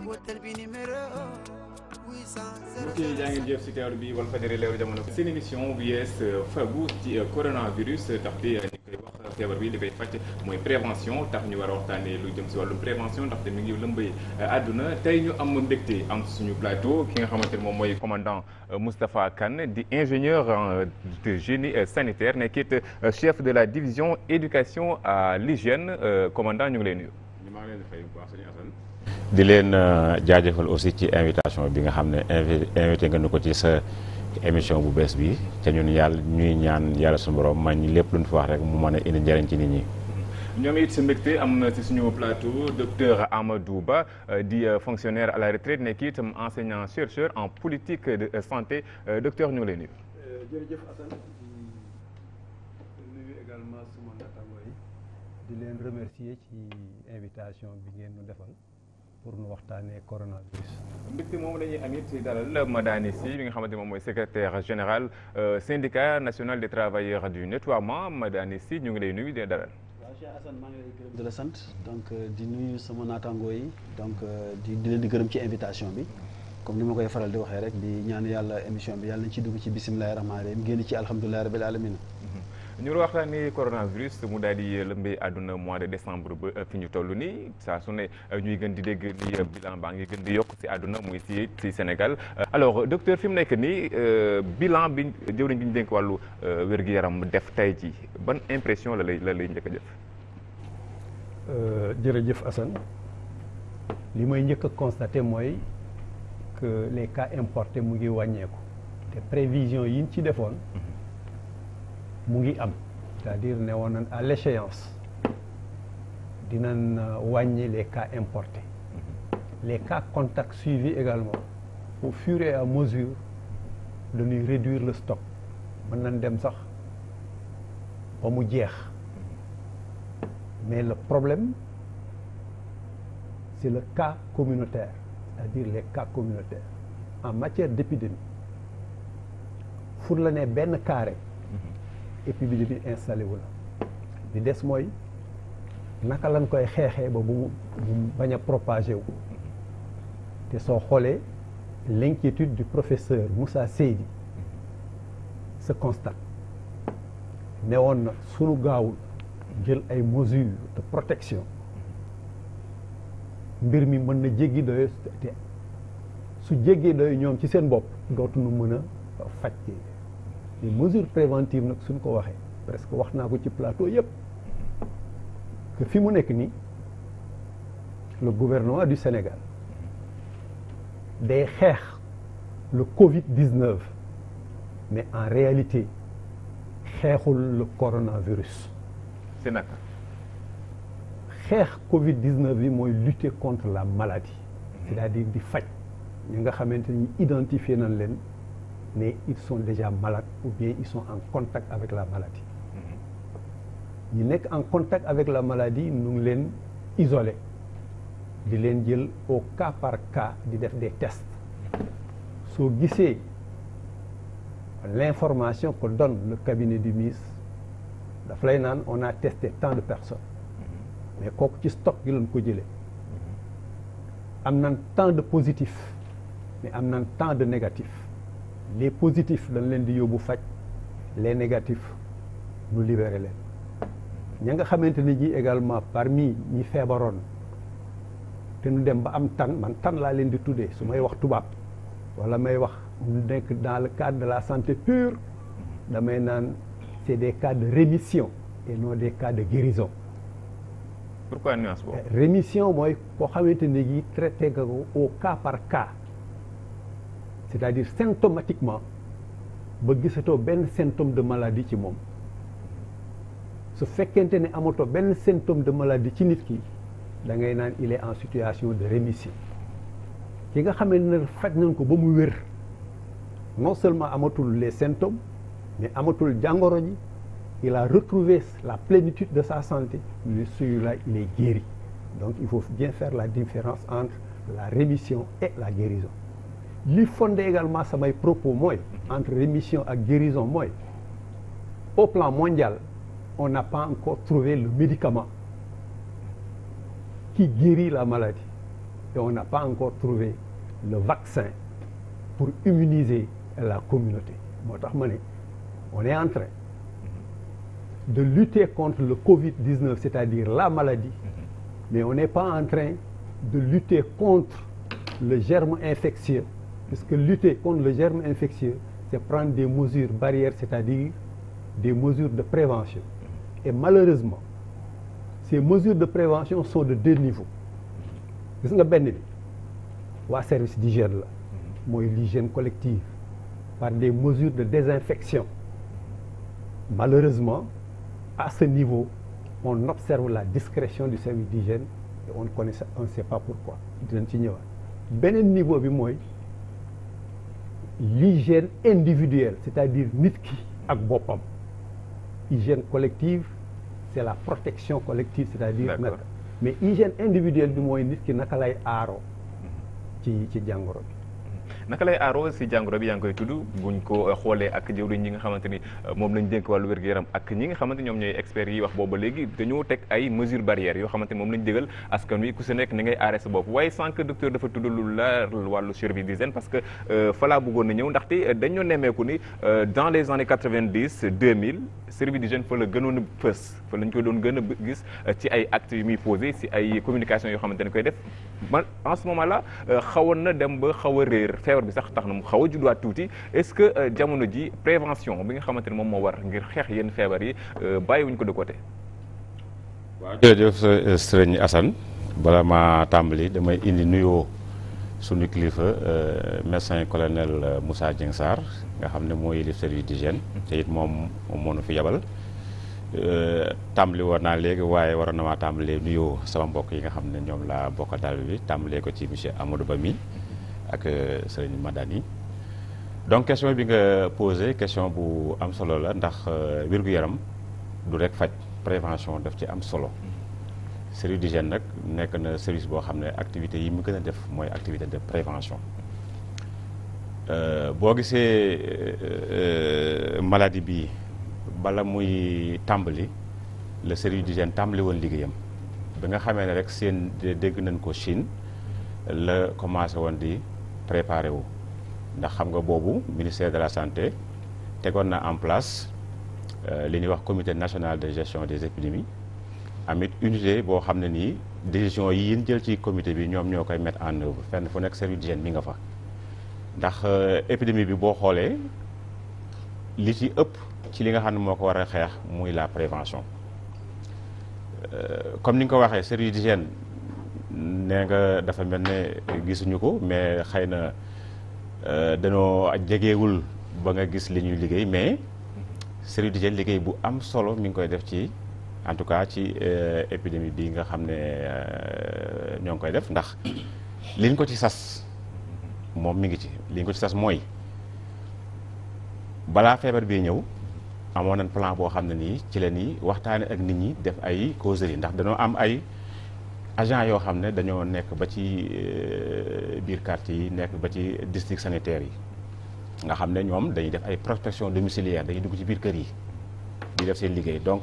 mbokk yi jaa ngeen jëf si teewlu bi Walfadjri leeru jamono seen émission bu yees euh, fagu ci euh, coronavirus euh, tax di ñu koy wax feebar bi li koy fàcc mooy prévention tax ñu war a waxtaanee lu jëm si wàllum prévention ndaxte mi ngi lëmbay àdduna tey ñu am mbégte am suñu plateau ki nga xamante ne moom mooy commandant Moustapha Kane di ingénieur de génie sanitaire nekkit chef de la division éducation à l'hygiène commandant ñu ngi lay nuyu. maa ngi leen di fay bu baax sëñ Assane di leen euh, jaajëfal aussi ci invitation bi nga xam ne invité nga nu ko ci sa émission bu bees bi te ñun yàlla ñuy ñaan yàlla suñu borom man ñi lépp lu ñu fa wax rek mu mën a indi njëriñ ci nit ñi. ñoo ngi it sa mbégte am na ci suñu plateau docteur Amadou Ba euh, di euh, fonctionnaire à la retraite nekk itam enseignant chercheur en politique de santé docteur ñu ngi lay jërëjëf Assane suma yi di leen remercier ci invitation bi ngeen ñu defal. pour nu waxtaanee coronavirus. mbégte moom la ñuy am it dalal Madani Sy moom mooy secrétaire général euh, syndicat national des travailleurs du nettoiement Madani Sy ñu ngi lay nuyu di di la sant donc euh, di nuyu sama naataangoo yi donc euh, di di leen di gërëm ci invitation bi. comme ni ma koy faral di waxee rek di ñaan yàlla émission bi yàlla nañ ci dugg ci bisimilah rahmaani rahim génn ci alhamdulilah rabil alamin ñu ngi waxtaanee coronavirus mu daal di bi àdduna mois de décembre ba euh, fi ñu toll nii saa su ne euh, ñuy gën di dégg ni euh, bilan baa ngi gën di yokk si àdduna muy si si Sénégal alors docteur fi mu nekk nii bilan bi jëwriñ bi ñu dénk wàllu wér-gu-yaram def tey ji ban impression la lay la lay njëkk a def. li may njëkk a constaté mooy que les cas importés mu ngi wàññeeku te prévision yi ci defoon. Mm-hmm. mu ngi am c'est-à-dire ne woon nañ à l'échéance dinañ euh, wàññi les cas importé mm-hmm. les cas contacts suivis également au fur et à mesure dañuy réduire le stock mën nañ dem sax ba mu jeex mm-hmm. mais le problème c'est le cas communautaire c'est-à-dire les cas communautaires en matière d'épidémie fur la ne benn cas et puis bi installé wu la di des mooy naka lañ koy xeexee ba bu bañ a propagé wu te soo xoolee l'inquiétude du professeur Moussa Seydi se constate ne woon na sunu gaawul jël ay mesures de protection mbir mi mën na jéggi doyo te su jéggee doyo ñoom ci seen bopp dootuñu mën a faj mais mesure préventive nag suñ ko waxee presque wax naa ko ci plateau yëpp que fi mu nekk nii le gouvernement du Sénégal day xeex le Covid 19 mais en réalité xeexul le coronavirus. c'est naka. xeex Covid 19 bi mooy lutter contre la maladie. Mmh. c'est-à-dire di faj ñi nga xamante ni identifié nañ leen. mais ils sont déjà malades ou bien ils sont en contact avec la maladie mhm. ñu nekk en contact avec la maladie ñu ngi leen isolé di leen jël o cas par cas di def des tests soo gisee l'information que donne le cabinet du ministre daf lay naan on a testé tant de personnes mhm. mais kooku ci stock gi lañ ko jëlee mhm. am nañ temps de positifs mais am nañ tant de négatifs les positifs dañ leen di yóbbu faj les négatifs ñu libéré leen ña nga xamante ni ji également parmi ñi feebaroon te nu dem ba am tan man tan laa leen di tuddee su may wax tubaab wala may wax ñu nekk dans le cadre de la santé pure damay naan c'est des cas de rémission et non des cas de guérison pourquoi rémission mooy koo xamante ni ji traité nga ko au cas par cas c'est-à-dire symptomatiquement ba gisatoo benn symptôme de maladie ci moom su fekkente ne amatoo benn symptôme de maladie ci nit ki da ngay naan il est en situation de rémission ki nga xamee ne faj nañ ko ba mu wér non seulement amatul les symptômes mais amatul jàngoro ji il a retrouvé la plénitude de sa santé mais celui-là il est guéri donc il faut bien faire la différence entre la rémission et la guérison li fondé également samay propos mooy entre rémission ak guérison mooy au plan mondial on n'a pas encore trouvé le médicament qui guérit la maladie et on n'a pas encore trouvé le vaccin pour immuniser la communauté moo tax ma ne on est en train de lutter contre le Covid-19 c'est-à-dire la maladie mais on n'est pas en train de lutter contre le germe infectieux que lutter contre le germe infectieux c'est prendre des mesures barrières c'est-à-dire des mesures de prévention et malheureusement ces mesures de prévention sont de deux niveaux gis nga benn bi waa service d'hygiène la mooy l'hygiène collective par des mesures de désinfection malheureusement à ce niveau on observe la discrétion du service d'hygiène et on ne connaît on ne sait pas pourquoi dinañ ci ñëwaat beneen niveau bi mooy l'hygiène individuelle c'est-à-dire nit ki ak boppam hygiène collective c'est la protection collective c'est-à-dire nag mais hygiène individuelle bi mooy nit ki naka lay aaro ci ci jàngoro bi naka lay aaroo si jàngoro bi yaa ngi koy tudd buñ ko xoolee ak jëwriñ ñi nga xamante ni euh, moom lañ dénk wàllu wér-gu-yaram ak ñi nga xamante ñoom ñooy experts yi wax booba léegi dañoo teg ay mesures barrières yoo xamante moom lañ dégal askan wi ku si nekk ni ngay aaree sa bopp waaye sànq docteur dafa tudd lu leer wàllu survie d'hygiène parce que euh, falaa bëggoon na ñëw ndaxte euh, dañoo nemmeeku ni dans les années 90 2000 survie d'hygiène fa la a fës doon gën a gis ci ay actes yu muy posé yoo xamante ne koy def en ce moment là xawoon dem ba xaw a feebar bi sax tax na mu xaw a judduwaat tuuti est-ce que euh, jamono ji prévention bi nga xamante ne moom moo war ngir xeex yenn feebar yi euh, bàyyiwuñ ko de côté. waaw jërëjëf euh, sëriñ Assane bala tàmbali damay indi nuyoo suñu kilifa médecin colonel Moussa Dieng Sarr nga xam ne moo yilif service d'hygiène te it moom moo nu fi yabal. tàmbali woon naa léegi waaye waroon na maa tàmbalee nuyoo sama mbokk yi nga xam ne ñoom laa bokkal daal bi tàmbalee ko ci monsieur Amadou Ba mi ak euh, sëriñ Madani donc question bi nga posé question bu am solo la ndax euh, wér-gu-yaram du rek faj prévention def ci am solo service gen nag nekk na service boo xam ne activité yi mu gën a def mooy activité de prévention euh, boo gisee maladie bi bala muy tàmbali le service d'hygiène tàmbali woon liggéeyam bi nga xamee ne rek seen dégg nañ ko Chine la commencé woon di préparé wu ndax xam nga boobu ministère de la santé tegoon na en place euh, li ñuy wax comité national de gestion des épidémies amit unité boo xam ne nii décision yi yéen jël ci comité bi ñoom ñoo koy mettre en œuvre fenn fu nekk service d'hygiène mi nga fa ndax euh, épidémie bi boo xoolee li ci ëpp ci li nga xam ne moo ko war a xeex muy la prévention euh, comme ni nga ko waxee service d'hygiène nee nga dafa mel ne gisuñu ko mais xëy na euh, danoo jegewul ba nga gis li ñuy liggéey mais Séré Dijel liggéey bu am solo mi ngi koy def ci en tout cas ci euh, épidémie bi nga xam ne euh, ñoo ngi koy def ndax liñ ko ci sas moom mi ngi ci liñ ko ci sas mooy balaa feebar bi ñëw amoon nañ plan boo xam ne nii ci la ñuy waxtaane ak nit ñi def ay causerie ndax danoo am ay agent yoo xam ne dañoo nekk ba ci euh, biir quartier yi nekk ba ci district sanitaire yi nga xam ne ñoom dañuy def ay prospection domiciliaire dañuy dugg ci biir kër yi di def seen liggéey donc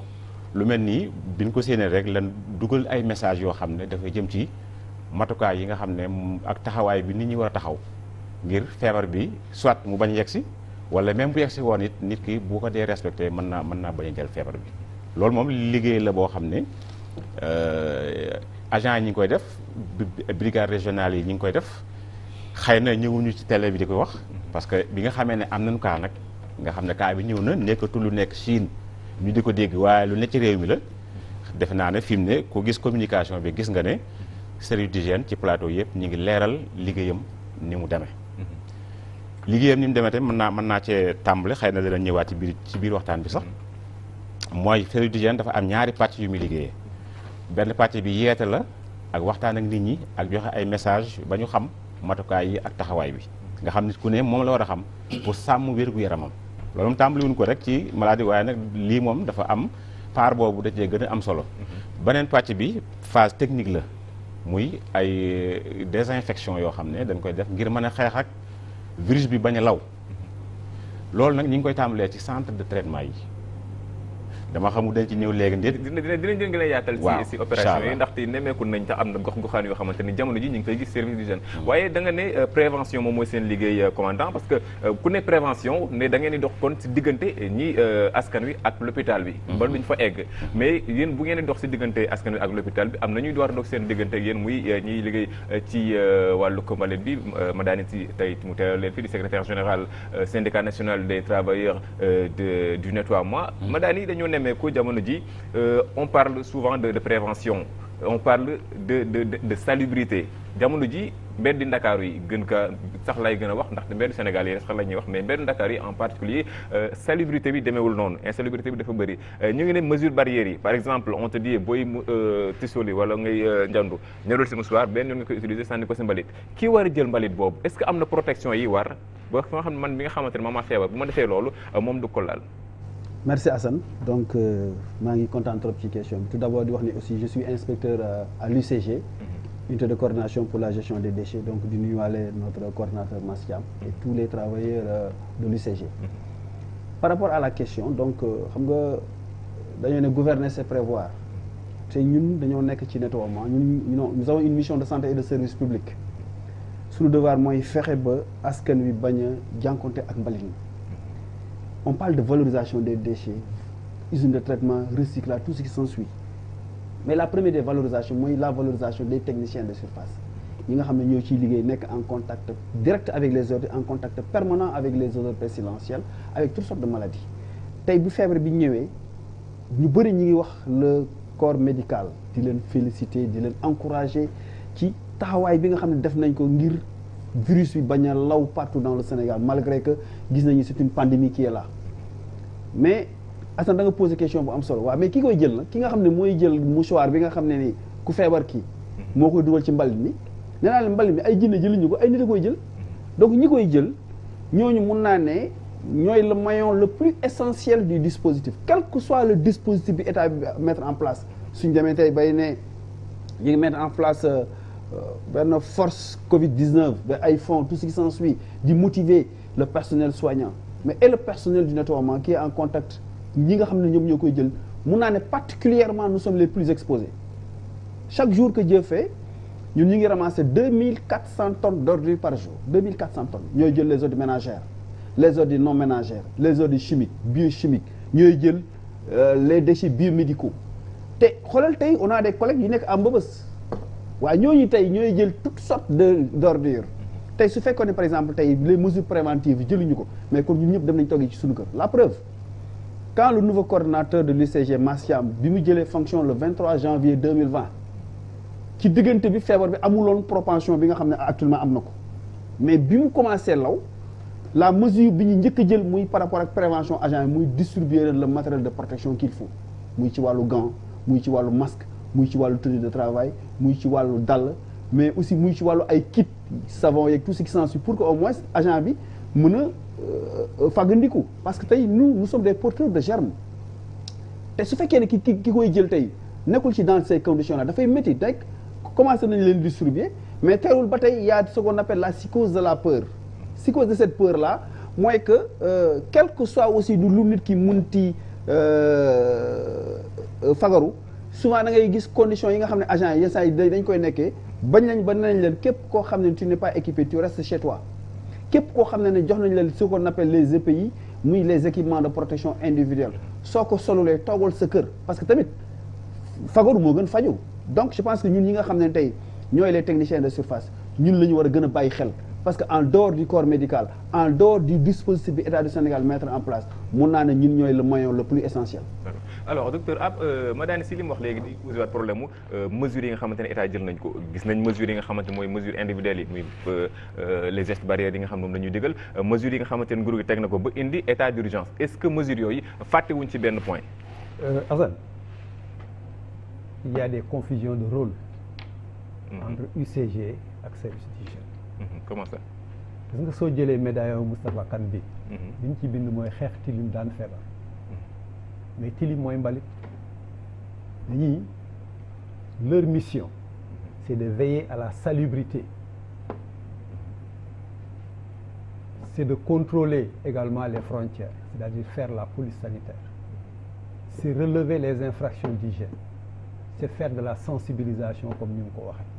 lu mel nii biñ ko séenee rek lan dugal ay message yoo xam ne dafay jëm ci matukaay yi nga xam ne ak taxawaay bi nit ñi war a taxaw ngir feebar bi soit mu bañ yegg si wala même bu yegg si woon it nit ki boo ko dee respecté mën naa mën naa bañ a jël feebar bi loolu moom liggéey la boo xam ne euh, agent yi ñu ngi koy def brigade régionale yi ñu ngi koy def xëy na ñëwuñu ci télé bi di ko wax parce que bi nga xamee ne am nañu kaa nag nga xam ne kaa bi ñëw na nekkatul lu nekk Chine ñu di ko dégg waaye lu ne réew mi la defe naa ne fi mu ne ku gis communication bi gis nga ne service d'hygiène ci plateau yëpp ñu ngi leeral liggéeyam ni mu demee liggéeyam ni mu demee tamit mën naa mën naa cee tàmbali xëy na dana ñëwaat ci biir ci biir waxtaan bi sax mooy service d'hygiène dafa am ñaari pàcc yu muy liggéeyee benn pàcc bi yeete la ak waxtaan ak nit ñi ak joxe ay message ba ñu xam matukaay yi ak taxawaay bi nga xam nit ku ne moom la war a xam pour sàmm wér-gu-yaramam loolu moom tàmbaliwuñ ko rek ci maladie waaye nag lii moom dafa am part boobu da cee gën a am solo beneen pàcc bi phase technique la muy ay désinfection yoo xam ne dañ koy def ngir mën a xeex ak virus bi bañ a law loolu nag ñi ngi koy tàmbalee ci centre de traitement yi dama xamul dañ ci ñëw léegi ndit dinañ dinañ gën a yaatal ci ci opération ndaxte nemeeku nañ tax am na gox goxaan yoo xamante jamono ji ñu ngi fay gis service d'hygiène hmm. waaye da nga ne euh, prévention moom mooy seen liggéey euh, commandant parce que euh, ku ne prévention ne da dox kon ci diggante ñi askan wi ak l'hôpital bi hmm. ba duñ fa egg hmm. mais yéen bu ngeen di dox ci diggante askan wi ak l'hôpital bi am na ñuy door dox seen diggante ak yéen muy ñiy liggéey ci wàllu combalet bi ma daani di secrétaire général syndicat nemmeeku jamono ji euh, on parle souvent de de prévention on parle de de de, de salubrité jamono ji mbeddi Ndakaaru yi gën ka sax lay gën a wax ndaxte mbeddi Sénégal yi sax la ñuy wax mais mbeddi Ndakaaru yi en particulier euh, salubrité bi demeewul noonu insalubrité bi dafa bëri euh, ñu ngi ne mesure barrières yi par exemple on te booy tisoli wala ngay njandu ñorul si musuwaar benn yoon nga koy utiliser sànni ko si mbalit kii war a jël mbalit boobu est-ce que am na protection yi war ba fa nga nga xamante ne maa ma defee loolu moom du laal merci Assane donc euh, maa ngi content trop ci question bi tout di wax ni aussi je suis inspecteur euh, à l'UCG mhm. unité de coordination pour la gestion des déchets donc di nuyuwaale notre coordinateur Massiam et tous les travailleurs euh, de l'UCG mhm. par rapport à la question donc xam nga dañoo ne gouverner c'est prévoir te ñun dañoo nekk ci nettoiement ñun nous avons une mission de santé et de service public suñu devoir mooy fexe ba askan wi bañ a jànkonte ak mbalin on parle de valorisation des déchets usine de traitement recyclage tout ce qui s'ensuit mais la première des valorisation mooy la valorisation des techniciens de surface ñi nga xam ne ñoo ciy liggéey nekk en contact direct avec les ordures en contact permanent avec les odeurs pestilentielles avec toutes sortes de maladies tey bi feebar bi ñëwee ñu bëri ñu ngi wax le corps médical di leen féliciter di leen encouragé ci taxawaay bi nga xam ne def nañ ko ngir virus bañ a law partout dans le Sénégal malgré que gis nañu c'est une pandémie qui est mais Assane da nga posé question bu am solo waa mais ki koy jël na ki nga xam ne mooy jël mouchoir bi nga xam ne ni ku feebar kii moo koy dugal ci mbalit mi nee naa mbalit mi ay jinne jëliñu ko ay nit a koy jël donc ñi koy jël ñoo ñu mun naa ne ñooy le maillon le plus essentiel du dispositif quel que soit le dispositif bi état bi mettre en place suñ demee tey bay ne ñu ngi mettre en place euh, benn force Covid 19 ba ay fonds tout ce qui s'ensuit di motiver le personnel soignant mais et le personnel du nettoiement qui est en contact ñi nga xam ne ñoom ñoo koy jël mun naa ne particulièrement nous sommes les plus exposés chaque jour que Dieu fait ñun ñu ngi ramasser deux mille quatre cent tonnes d'ordures par jour deux mille quatre cent tonnes ñooy jël les ordures ménagères les ordures non ménagères les ordures chimiques biochimiques ñooy jël euh, les déchets biomédicaux te xoolal tey on a des collègues yu nekk à Mbëbës waaye ñooñu tey ñooy jël tout sortes de d'ordures tey su fekkoon ne par exemple tey les mesures préventives jëluñu ko mais kon ñun ñëpp dem nañ toggee ci suñu kër la preuve quand le nouveau coordonnateur de l'UCG Massiam bi mu jëlee fonction le 23 janvier 2020 ci diggante bi feebar bi amuloon propension bi nga xam ne actuellement am na ko mais bi mu commencé law la mesure bi ñu njëkk jël muy par rapport ak prévention agent muy distribuer le matériel de protection qu'il faut muy ci wàllu gant muy ci wàllu masque muy ci wàllu tenue de travail muy ci wàllu dàll mais aussi muy ci wàllu ay kit savon yeeg tout ce qui s'ensuit pour que au moins agent bi mën a euh, fàggandiku parce que tey nous nous sommes des porteurs de germes te su fekkee ne ki ki koy jël tey nekkul ci dans ces conditions là dafay métti rek commencé nañ leen distribuer mais teewul ba tey y a ce appelle la psychose de la peur psychose de cette peur la mooy que euh, quel que soit aussi du lu nit ki munti euh, fagaru souvent da ngay gis condition yi nga xam ne agent yi yenn dañ koy nekkee bañ nañ ba nañ leen képp koo xam ne tu n'es pas équipé toi képp koo xam ne ne jox nañ leen ce qu'on les EPI muy les équipements de protection individuelle soo ko solulee toogal sa kër parce que tamit fagaru moo gën faju donc je pense que ñun ñi nga xam ne tey ñooy le techniciens de surface ñun la ñu war a gën a bàyyi xel parce que en dehors du corps médical en dehors du dispositif bi état du Sénégal mettre en place mun naa ne ñun ñooy le moyen le plus essentiel alors docteur ab euh, ma daani si li wax léegi di posé waat problème mu euh, mesures yi nga xamante ne état jël nañ ko gis nañ mesures yi nga xamante mooy mesures individuelles yi muy euh, les gestes yi nga xam moom la dégal digal mesures yi nga xamante ne nguur gi teg na ko ba indi état d'urgence est-ce que mesures yooyu fàttewuñ ci benn point Assane il y a des confusions de rôle mm-hmm. entre UCG ak service mm-hmm. comment ça parce que soo jëlee média médaillon Moustapha Kane bi mm-hmm. liñ ci bind mooy xeex tilim daan feebar mais tilim mbalit ñii leur mission c'est de veiller à la salubrité c'est de contrôler également les frontières c'est-à-dire faire la police sanitaire c'est relever les infractions d'hygiène c'est faire de la sensibilisation comme ni mu ko waxee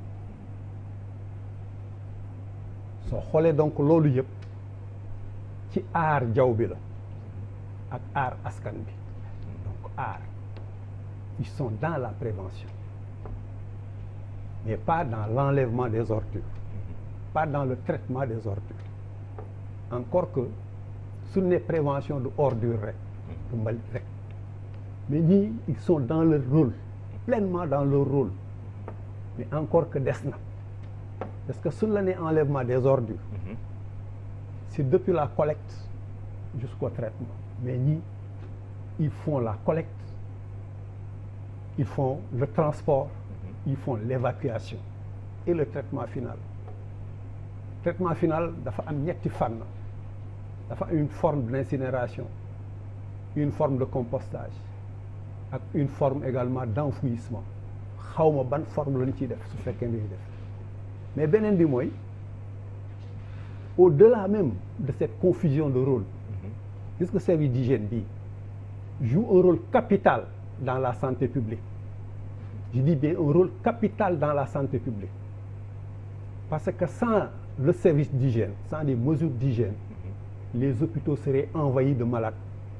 soo xoolee donc loolu yëpp ci aar jaww bi la ak aar askan bi art. Ils sont dans la prévention, mais pas dans l'enlèvement des ordures, pas dans le traitement des ordures. Encore que suñu ne prévention de ordure rek mm-hmm. du rek mais ñii ils sont dans le rôle pleinement dans le rôle mm-hmm. mais encore que des na parce que suñu la ne enlèvement des ordures mm-hmm. c'est depuis la collecte jusqu'au traitement mais ñii il font la collecte, il font le transport, mhm. ils font l'évacuation et le traitement final. traitement final dafa am ñetti fànn dafa am une forme d'incinération une forme de compostage ak une forme également d'enfouissement xawma ban forme lañu ciy def su fekkee ni def mais beneen bi mooy au-delà même de cette confusion de rôle mhm. gis nga service d'hygiène bii joue un rôle capital dans la santé publique. Je dis bien un rôle capital dans la santé publique. Parce que sans le service d'hygiène, sans les mesures d'hygiène, mm -hmm. les hôpitaux seraient envahis de malades.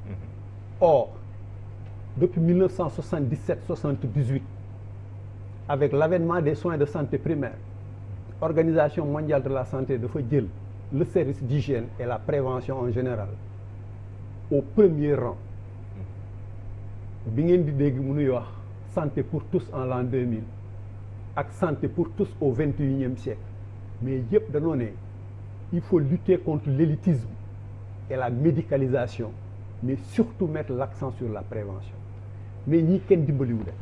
Mm -hmm. Or, depuis 1977-78, avec l'avènement des soins de santé primaires, l'Organisation mondiale de la santé de Fodil, le service d'hygiène et la prévention en général, au premier rang. bi ngeen di dégg mu nuy wax santé pour tous en l'an 2000 ak santé pour tous au vingt et unième siècle mais yëpp danoo ne il faut lutter contre l'élitisme et la médicalisation mais surtout mettre l'accent sur la prévention mais ñii kenn dimbaliwu leen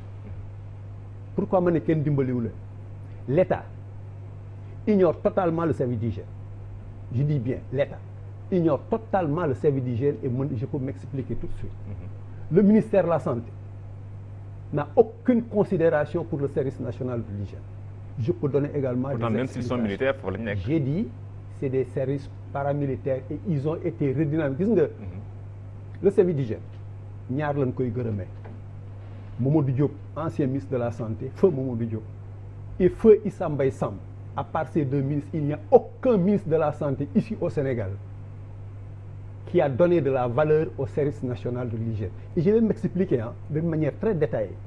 pourquoi ma ne kenn dimbaliwu la l'État ignore totalement le service d'hygiène je dis bien l'État ignore totalement le service d'hygiène et je peux m'expliquer tout de suite mm-hmm. le ministère de la Santé n'a aucune considération pour le service national de l'hygiène. Je peux donner également le des même s'ils sont militaires, pour les J'ai dit, c'est des services paramilitaires et ils ont été redynamiques. Gis nga mhm. le service d'hygiène ñaar lañ koy gërëmee Mamadou Diop ancien ministre de la santé feu Mamadou Diop et feu Issa Mbaye Samb à partir ces deux ministres il n'y a aucun ministre de la santé ici au Sénégal qui a donné de la valeur au service national de l'hygiène et je vais m'expliquer ah de manière très détaillée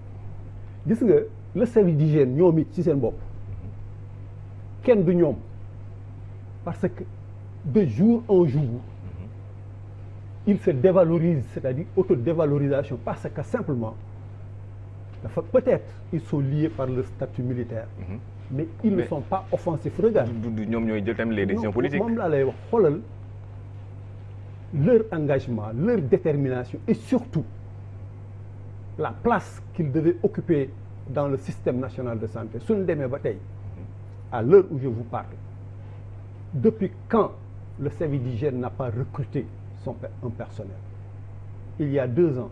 gis nga le service d'hygiène ñoom it ci seen bopp kenn du ñoom parce que de jour en jour mm-hmm. il se dévalorise c'est-à-dire autodévalorisation parce que simplement dafa peut-être ils sont liés par le statut militaire mm-hmm. mais ils mais ne sont pas offensifs regarde ñoom ñooy jël tamit les décisions politiques moom laa lay wax xoolal leur engagement, leur détermination et surtout la place qu'ils devaient occuper dans le système national de santé. Suñu demee ba tey à l'heure où je vous parle depuis quand le service d'hygiène n'a pas recruté son un personnel il y a deux ans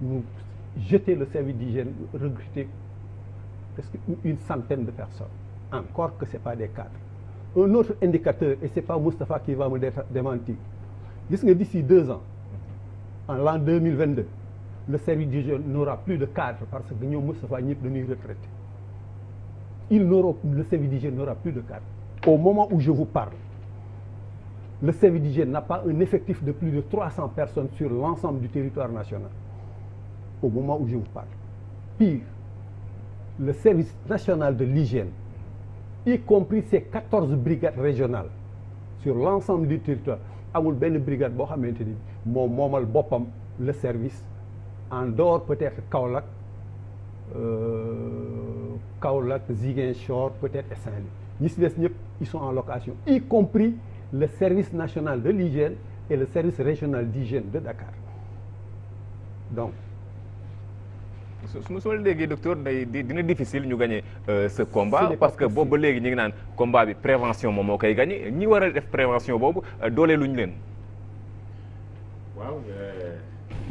nous jeter le service d'hygiène recruter presque une centaine de personnes encore que c'est pas des cadres un autre indicateur et c'est pas Moustapha qui va me démentir gis nga d'ici deux ans en l'an deux mille vingt le service du jeune n'aura plus de cadre parce que ñoom Moustapha ñëpp dañuy retraité il n'aura le service du jeune n'aura plus de cadre au moment où je vous parle le service du jeune n'a pas un effectif de plus de trois cents personnes sur l'ensemble du territoire national au moment où je vous parle pire le service national de l'hygiène y compris ces quatorze brigades régionales sur l'ensemble du territoire amul benn brigade boo xamante ni moom moomal boppam le service en dehors peut-être Kaolack euh, Kaolack Ziguinchor peut-être et saint ñi si des ñëpp ils sont en location y compris le service national de l'hygiène et le service régional d'hygiène de Dakar donc su ma la déggee docteur day dina difficile ñu gagné euh, ce combat parce que boobu ba léegi ñu ngi naan combat bi prévention moom moo koy gagné ñi war a def prévention boobu euh, doole ñu leen. waaw euh,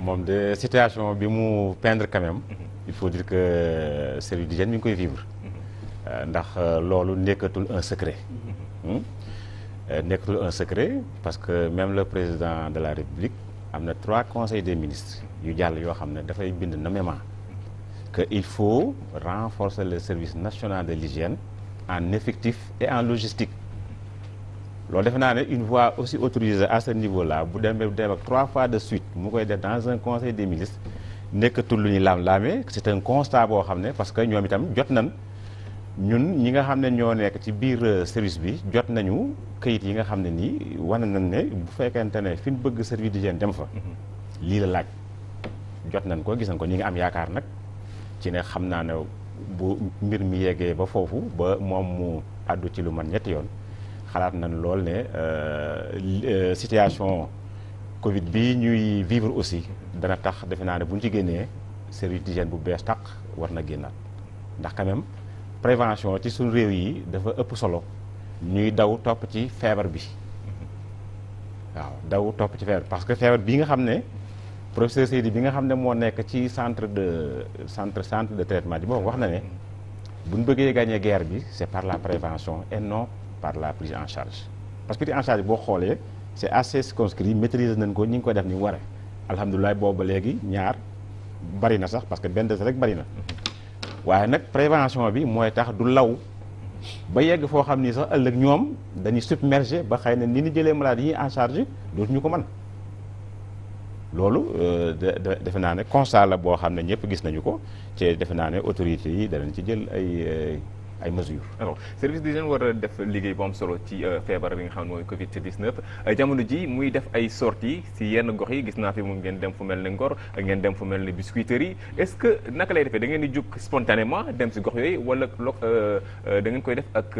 moom de situation bi mu pendre quand même. Mhm. il faut dire que service d'hygiène mi ngi koy vivre. Mhm. ndax loolu nekkatul un secret. Mhm. Hmm? nekkatul un secret parce que même le président de la république am na trois conseil des ministres yu jàll yoo xam ne dafay bind nommément il faut renforcer le service national de l'hygiène en effectif et en logistique loolu defe naa ne une voie aussi autorisée à ce niveau-là bu demee bu demee ak trois fois de suite mu koy def dans un conseil des ministres nekkatul lu ñuy laam-laamee c'est un constat boo xam ne parce que ñoom itam jot nañ ñun ñi nga xam ne ñoo nekk ci biir euh, service bi jot nañu kayit yi nga xam ne nii wane nañ ne bu fekkente ne fi ñu bëgg service d'hygiène dem fa mm-hmm. lii la laaj jot nañ ko gis ko ñi ngi am yaakaar nag ci ne xam naa ne bu mbir mi yeggee ba foofu ba moom mu àddu ci lu man ñetti yoon xalaat na lool ne euh, euh, situation Covid bi ñuy vivre aussi dana tax defe naa ne bu ñu ci génnee service d'hygiène bu bees tàq war na génnaat ndax quand prévention ci suñ réew yi dafa ëpp solo ñuy daw topp ci feebar bi waaw daw topp ci feebar parce que feebar bii nga xam ne. professeur Seydi bi nga xam ne moo nekk ci centre de centre centre de traitement bi moom wax na ne bu ñu bëggee gagner guerre bi c'est par la prévention et non par la prise en charge parce que prise en charge boo xoolee c'est assez conscrit maîtriser nañ ko ñi ngi koy def ni mu waree alhamdulilah booba léegi ñaar bari na sax parce que benn des rek bari na waaye nag prévention bi mooy tax du law ba yegg foo xam ni sax ëllëg ñoom dañuy submerger ba xëy na ni ñu jëlee malade yi en charge dootuñu ko mën loolu euh, defe naa ne constat la boo xam ne ñëpp gis nañu ko ci defe naa ne autorités yi danañ ci jël ay euh, ay mesures. alors service d'hygiène war a def liggéey bu solo ci euh, feebar bi nga xam ne mooy Covid 19 jamono ji muy def ay sorties si yenn gox yi gis naa fi mu ngeen dem fu mel ne Ngor ngeen dem fu mel ne Biscuiterie yi est-ce que naka lay defee dangeen ngeen di jóg spontanément dem si gox yooyu wala lo da ngeen koy def ak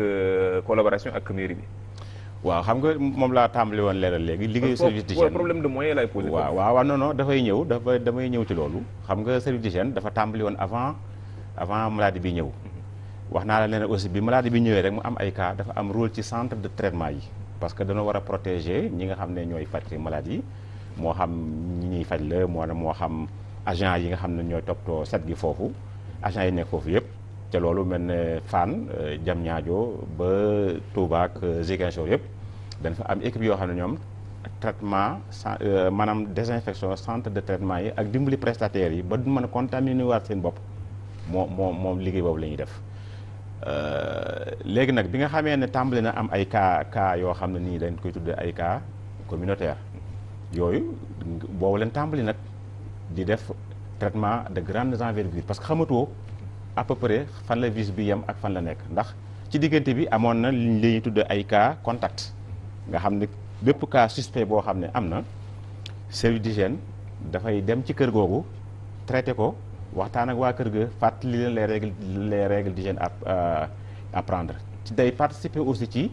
collaboration ak mairie bi. waaw xam nga moom laa tàmbali woon leeral léegi liggéeyu service d'hygiène problème de moyen lay posé waaw waaw non dafay ñëw dafa damay ñëw ci loolu xam nga service d'hygiène dafa tàmbali woon avant avant maladie bi ñëw wax naa la leen aussi bi maladie bi ñëwee rek mu am ay cas dafa am rôle ci centre de traitement yi parce que dañoo war a protéger ñi nga xam ne ñooy faj maladie moo xam ñi ñuy faj la moo moo xam agent yi nga xam ne ñooy toppatoo set gi foofu agent yi nekk yëpp ca loolu mel ne jam euh, Diamniadio ba Touba ak euh, Ziguinchor yëpp dañ fa am équipe yoo xam ne ñoom traitement euh, maanaam désinfection centre de traitement yi ak dimbali prestataires yi ba du mën a contaminer waat seen bopp moo moo moom liggéey boobu la ñuy def léegi nag bi nga xamee ne tàmbali na am ay cas cas yoo xam ne nii dañ koy tuddee ay cas communautaire yooyu boobu leen tàmbali nag di def traitement de grandes envergures parce que xamatoo à peu près fan la virus bi yem ak fan la nekk ndax ci diggante bi amoon na li ñuy tudd ay cas contact nga xam ne bépp cas suspect boo xam ne am na service d'hygiène dafay dem ci kër googu traité ko waxtaan ak waa kër ga fàttali leen les règles les règles d'hygiène à prendre ci day participer aussi ci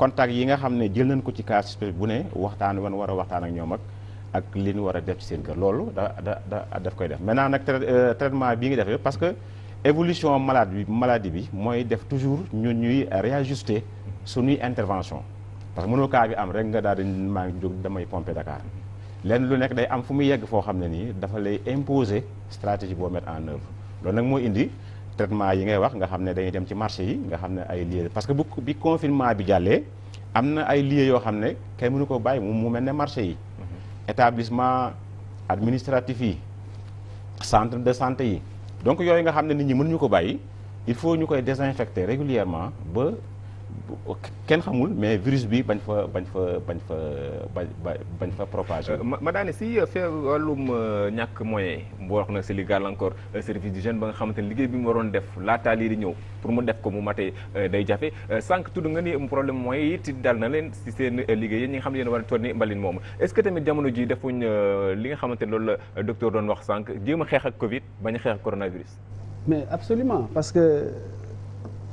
contact yi nga xam ne jël nañ ko ci cas suspect bu ne waxtaan wan war a waxtaan ak ñoom ak ak li war a def ci seen kër loolu da da daf koy def maintenant nag euh, traitement bii nga def parce évolution malade bi maladie bi mooy def toujours ñu ñuy réajuster suñuy intervention parce que mënoo cas bi am rek nga daal di maa ngi jóg damay pomper Dakar lenn lu nekk day am fu muy yegg foo xam ne nii dafa lay imposer stratégie boo mettre en œuvre loolu nag moo indi traitement yi ngay wax nga xam ne dañuy dem ci marché yi nga xam ne ay lieux parce que bu bi confinement bi jàllee am na ay lieux yoo xam ne kenn mënu ko bàyyi mu mel ne marché yi mhm. établissement administratif yi centre de santé yi donc yooyu nga xam ne nit ñi ñu ko bàyyi il faut ñu koy désinfecter régulièrement ba kenn xamul mais virus bi bañ fa bañ fa bañ fa bañ fa propagé. Euh, ma daane si euh, fee wàllum euh, ñàkk moyen boo wax na si li gàllankoor service d'hygiène ba nga xamante ni liggéey bi mu waroon def laataa lii di ñëw pour mu def ko mu matee day jafe sànq tudd nga ni problème mooy it dal na leen si seen liggéey ñi nga xam ne yéen war a tourné mbalin moomu est-ce que tamit jamono ji defuñ li nga xamante ne loolu la docteur doon wax sànq jéem xeex ak Covid bañ a xeex ak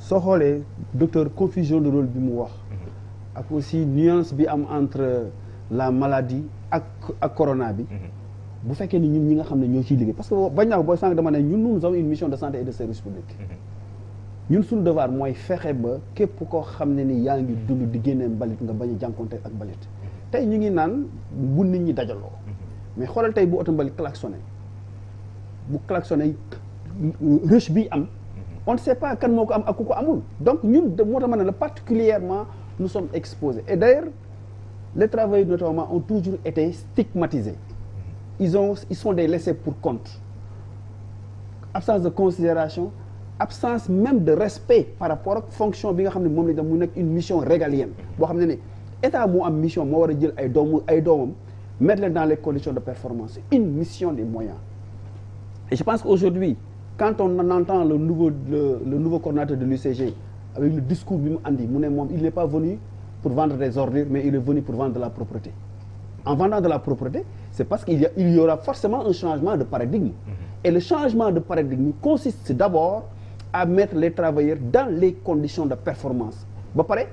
soo xoolee docteur confusion de role bi mu wax mhm. ak aussi nuance bi am entre la maladie ak ak corona bi mhm. bu fekkee ni ñun ñi nga xam ne ñoo ciy liggéey parce que bañ naa ko booy sànq dama ne ñun nous avons une mission de santé et de service public mhm. ñun suñu devoir mooy fexe ba képp ko xam ne ni yaa ngi dund di génne mbalit nga bañ a ak mbalit tey ñu ngi naan bu nit ñi dajaloo mais xoolal tey bu oto mbalit klaxonné bu klaxonné rush am on ne sait pas kan moo ko am ak ku ko amul donc ñun de moo tax ma ne la particulièrement nous sommes exposés et d'ailleurs les travailleurs notamment ont toujours été stigmatisés ils ont ils sont des laissés pour compte absence de considération absence même de respect par rapport ak fonction bi nga xam ne moom lañ def mu nekk une mission régalienne boo xam ne ne état moo am mission moo war a jël ay doomu ay doomam mettre leen dans les conditions de performance une mission des moyens et je pense qu'aujourd'hui quand on entend le nouveau le, le nouveau coordonnateur de l'UCG avec le discours bi mu andi mu ne moom il n'est pas venu pour vendre des ordures mais il est venu pour vendre de la propreté en vendant de la propreté c'est parce qu'il y a il y aura forcément un changement de paradigme mm-hmm. et le changement de paradigme consiste d'abord à mettre les travailleurs dans les conditions de performance ba pare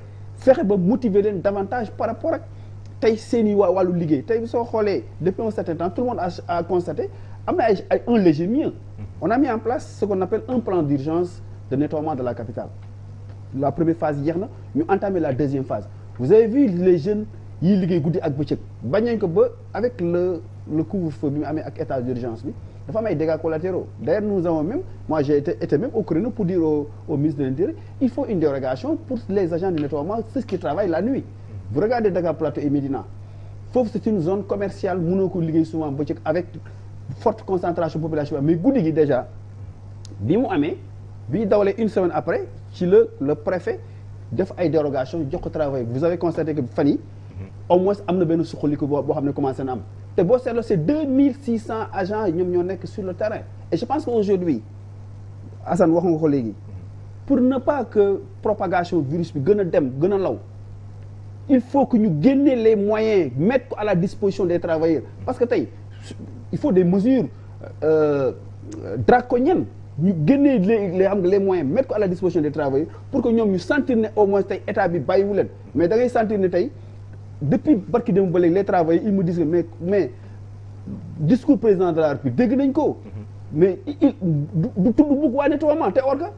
fexe ba motiver leen davantage par rapport ak tey seen i waa wàllu liggéey tey soo xoolee depuis un certain temps tout a constaté am na on a mis en place ce qu'on appelle un plan d'urgence de nettoiement de la capitale la première phase jeex na ñu entamé la deuxième phase vous avez vu les jeunes yiy liggéey guddi ak bëccëg bañ nañ ko ba avec le le couvre-feu bi mu amee ak état d'urgence bi dafa am ay dégâts collatéraux d'ailleurs nous avons même moi j'ai été été même pour dire au ministre de il faut une dérogation pour les agents de nettoiement ceux qui travaillent la nuit vous regardez Dakar Plateau et Médina foofu c'est une ko liggéey souvent bëccëg forte concentration population mais guddi gi déjà bi mu amee bi ñu dawalee une semaine après ci la le préfet def ay dérogation jox ko travail vous avez constaté que fan yi mhm. au moins am na benn suqaliku boo xam ne commencé na am te boo seetloo c'est deux mille six cent agents ñoom ñoo nekk sur le terrain et je pense que aujourd'hui Assane wax nga ko léegi pour ne pas que propagation virus bi gën a dem gën a law il faut que ñu génne les moyens mettre ko à la disposition des travailleurs parce que tey il faut des mesures euh, euh draconiennes ñu génnee les xam nga les moyens mettre ko à la disposition des travailleurs pour que ñoom ñu sentir ne au moins tey état bi bàyyiwu leen mais dangay ngay ne tey depuis barki dem ba léegi les travailleurs ils me disent mais mais discours président de la République dégg nañ ko mhm. mais il du tudd bugg waa nettoiement te or ka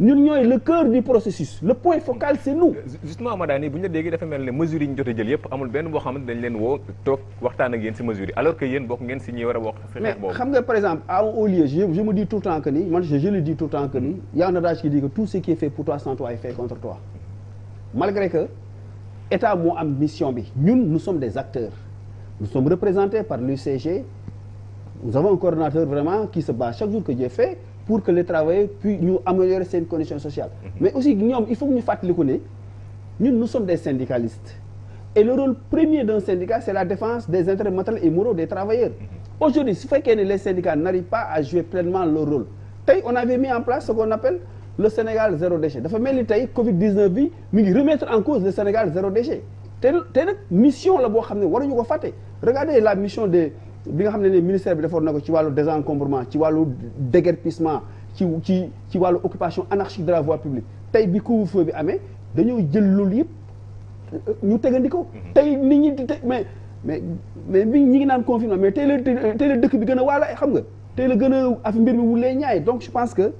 ñun ñooy le cœur du processus le point focal c'est nous. justement Madani bu ñu la déggee dafa mel ne mesures ñu jot a jël yëpp amul benn boo xamante dañ leen woo toog waxtaan ak yéen ci mesures yi alors que yéen bokk ngeen ci ñi war a wax. mais xam nga par exemple à au lieu je je me tout temps que ni man je le dis tout temps que ni y a un adage qui dit tout ce qui est fait pour toi sans toi est fait contre toi malgré que état moo am mission bi ñun nous sommes des acteurs nous sommes représentés par l'UCG nous avons un vraiment qui se bat chaque jour que pour que les travailleurs puissent ñu améliorer seen conditions sociales mhm. mais aussi ñoom il faut que ñu fàttaliku ne ñun nous sommes des syndicalistes et le rôle premier d'un syndicat c'est la défense des intérêts matériels et moraux des travailleurs mhm. aujourd'hui su fekkee ne les syndicats n'arrivent pas à jouer pleinement leur rôle tey on avait mis en place ce qu'on appelle le Sénégal zéro déchet dafa mel ni tey Covid 19 bi mu ngi remettre en cause le Sénégal zéro déchet te te nag mission la boo xam ne waruñu ko fàtte regardez la mission des bi nga xam ne ne ministère bi defoon na ko ci wàllu désencombrement ci wàllu déguerpissement ci ci ci wàllu occupation anarchique de la voie publique tey bi couvre-feu bi amee dañoo jël loolu yëpp euh, ñu tegandi ko. Mhm. tey nit ñi te mais mais mais mi ñi ngi naan confinement mais tey la tey dëkk bi gën a waala xam nga tey la gën a af mbir mi wulee ñaay donc je pense que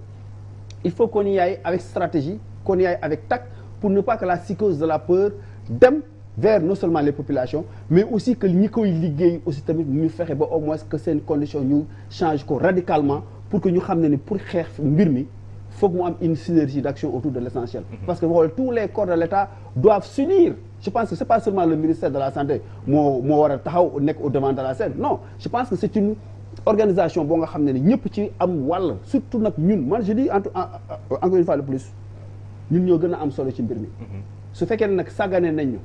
il faut qu'on y aille avec stratégie qu'on yaay avec tact pour ne pas que la psychose de la peur dem. vers non seulement les populations mais aussi que ñi koy liggéey aussi tamit ñu fexe ba au moins que seen condition ñu change ko radicalement pour que ñu xam ne ni pour xeex mbir mi foog mu am une synergie d'action autour de l'essentiel mhm. parce que xool tous les corps de l'État doivent s'unir je pense que c'est pas seulement le ministère de la santé moo moo war a taxaw nekk au devant de la scène non je pense que c'est une organisation boo nga xam ne ne ñëpp ci am wàll surtout nag ñun man je dis encore une fois de ñoo gën a am solo ci mbir mi mhm. su fekkee nag sàggane nañ ñu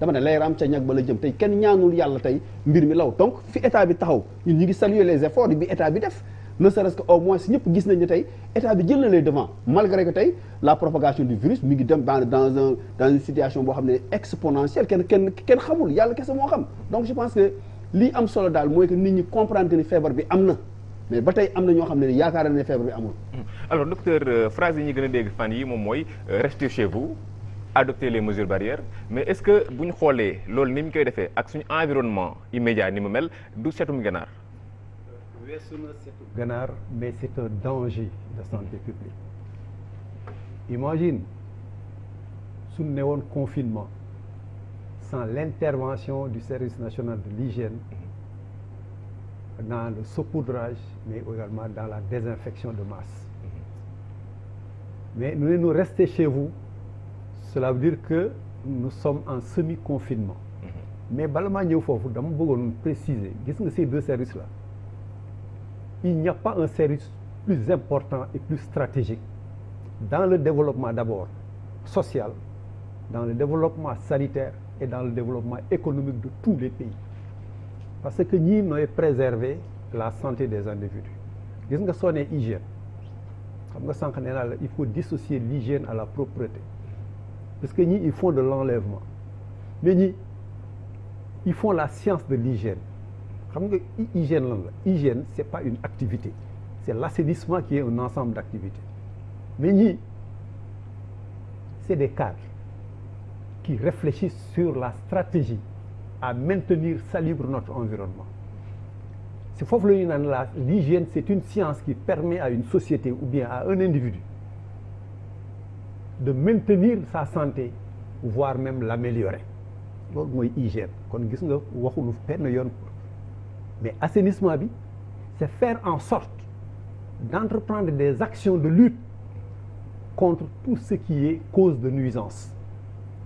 dama ne lay raam ca ñag ba la jëm tey kenn ñaanul yàlla tey mbir mi law donc fi état bi taxaw ñu ngi saluer les efforts bi état bi def ne serait au moins ñëpp gis nañ ne tey état bi jël na les devants malgré que tey la propagation du virus mi ngi dem dans dans un dans boo xam ne exponentielle kenn kenn kenn xamul yàlla kese moo xam donc je pense que lii am solo daal mooy que nit ñi comprendre que ni feebar bi am na mais ba tey am na ñoo xam ne yaakaar na ne feebar amul. alors docteur euh, phrase yi mooy euh, restez adopter les mesures barrières mais est-ce que bu ñu xoolee loolu ni mu koy defe ak suñu environnement immédiat ni mu mel du setum ganaar weesu na setu ganaar mais c'est un danger de santé publique imagine suñ ne woon confinement sans l'intervention du service national de l'hygiène dans le saupoudrage mais également dans la désinfection de masse mm-hmm. mais nous nous rester chez vous cela veut dire que nous sommes en semi-confinement. Mhm. mais bala maa ñëw foofu dama bëggoon préciser gis nga ces deux services là il n'y pas un service plus important et plus stratégique dans le développement d'abord social dans le développement sanitaire et dans le développement économique de tous les pays parce que ñii nooy préserver la santé des individus gis nga soo nee hygiène xam nga sànq nee naa la il faut dissocier l'hygiène à la propreté parce que ñi ils font de l'enlèvement mais ñi ils font la science de l'hygiène xam nga hygiène lan la hygiène c'est pas une activité c'est l'assainissement qui est un ensemble d'activités mais ñi c'est des cadres qui réfléchissent sur la stratégie à maintenir salubre notre environnement c'est foofu la ñuy naan la l'hygiène c'est une science qui permet à une société ou bien à un individu de maintenir sa santé voire même l'améliorer loolu mooy hygiène kon gis nga waxulu benn yoon mais assainissement bi c'est faire en sorte d'entreprendre des actions de lutte contre tout ce qui est cause de nuisance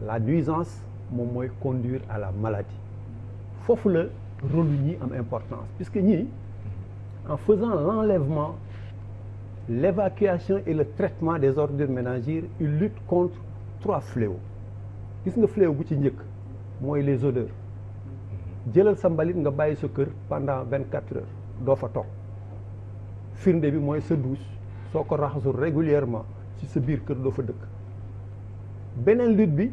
la nuisance moom mooy conduire à la maladie foofu la rôle ñi am importance puisque ñi en faisant l'enlèvement l'évacuation et le traitement des ordures ménagères il lutte contre trois fléaux gis nga fléau bu ci njëkk mooy les odeurs jëlal sa mbalit nga bàyyi sa kër pendant vingt quatre heures doo fa toog firnde bi mooy sa douche soo ko raxasul régulièrement ci sa biir kër doo fa dëkk beneen lutte bi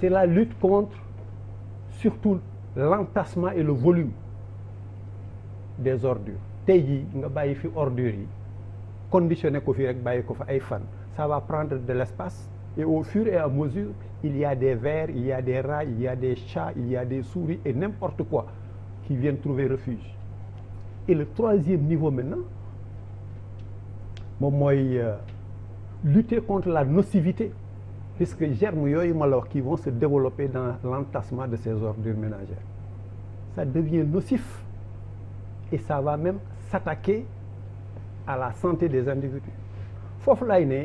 c'est la lutte contre surtout l'entassement et le volume des ordures tey jii nga bàyyi fi ordures yi conditionné ko fii rek bàyyi ko fa ay fan ça va prendre de l'espace et au fur et à mesure il y des vers il y a des rats il y des chats il y des souris et n'importe quoi qui viennent trouver refuge et le troisième niveau maintenant moom mooy euh, lutter contre la nocivité puisque germes yooyu ma la wax qui vont se développer dans l'entassement de ces ordures ménagères ça devient nocif et ça va même s'attaquer à la santé des individus foofu lay ne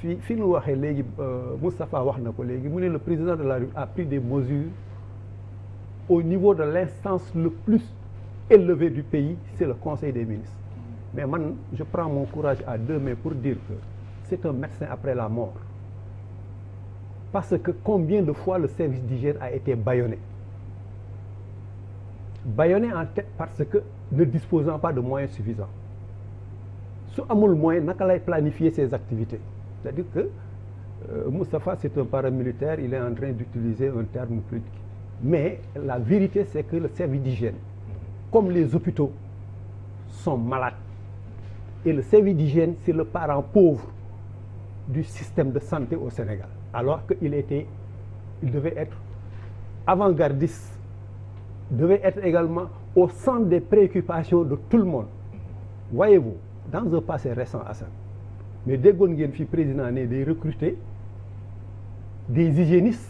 fii fii nu waxee léegi euh, Moustapha wax na ko léegi mu ne le président de la République a pris des mesures au niveau de l'instance le plus élevé du pays c'est le conseil des ministres mais man je prends mon courage à deux mains pour dire que c'est un médecin après la mort parce que combien de fois le service d'hygiène a été bâillonné bâillonné en tête parce que ne disposant pas de moyens suffisants su amul moyen naka lay planifier ses activités c'est-à-dire que euh, Moustapha c'est un paramilitaire il est en train d'utiliser un terme politique mais la vérité c'est que le service d'hygiène comme les hôpitaux sont malades et le service d'hygiène c'est le parent pauvre du système de santé au Sénégal alors qu'il était il devait être avant-gardiste devait être également au centre des préoccupations de tout le monde voyez dans un passé récent Assane mais déggoon ngeen fi président ne day recruter des hygiénistes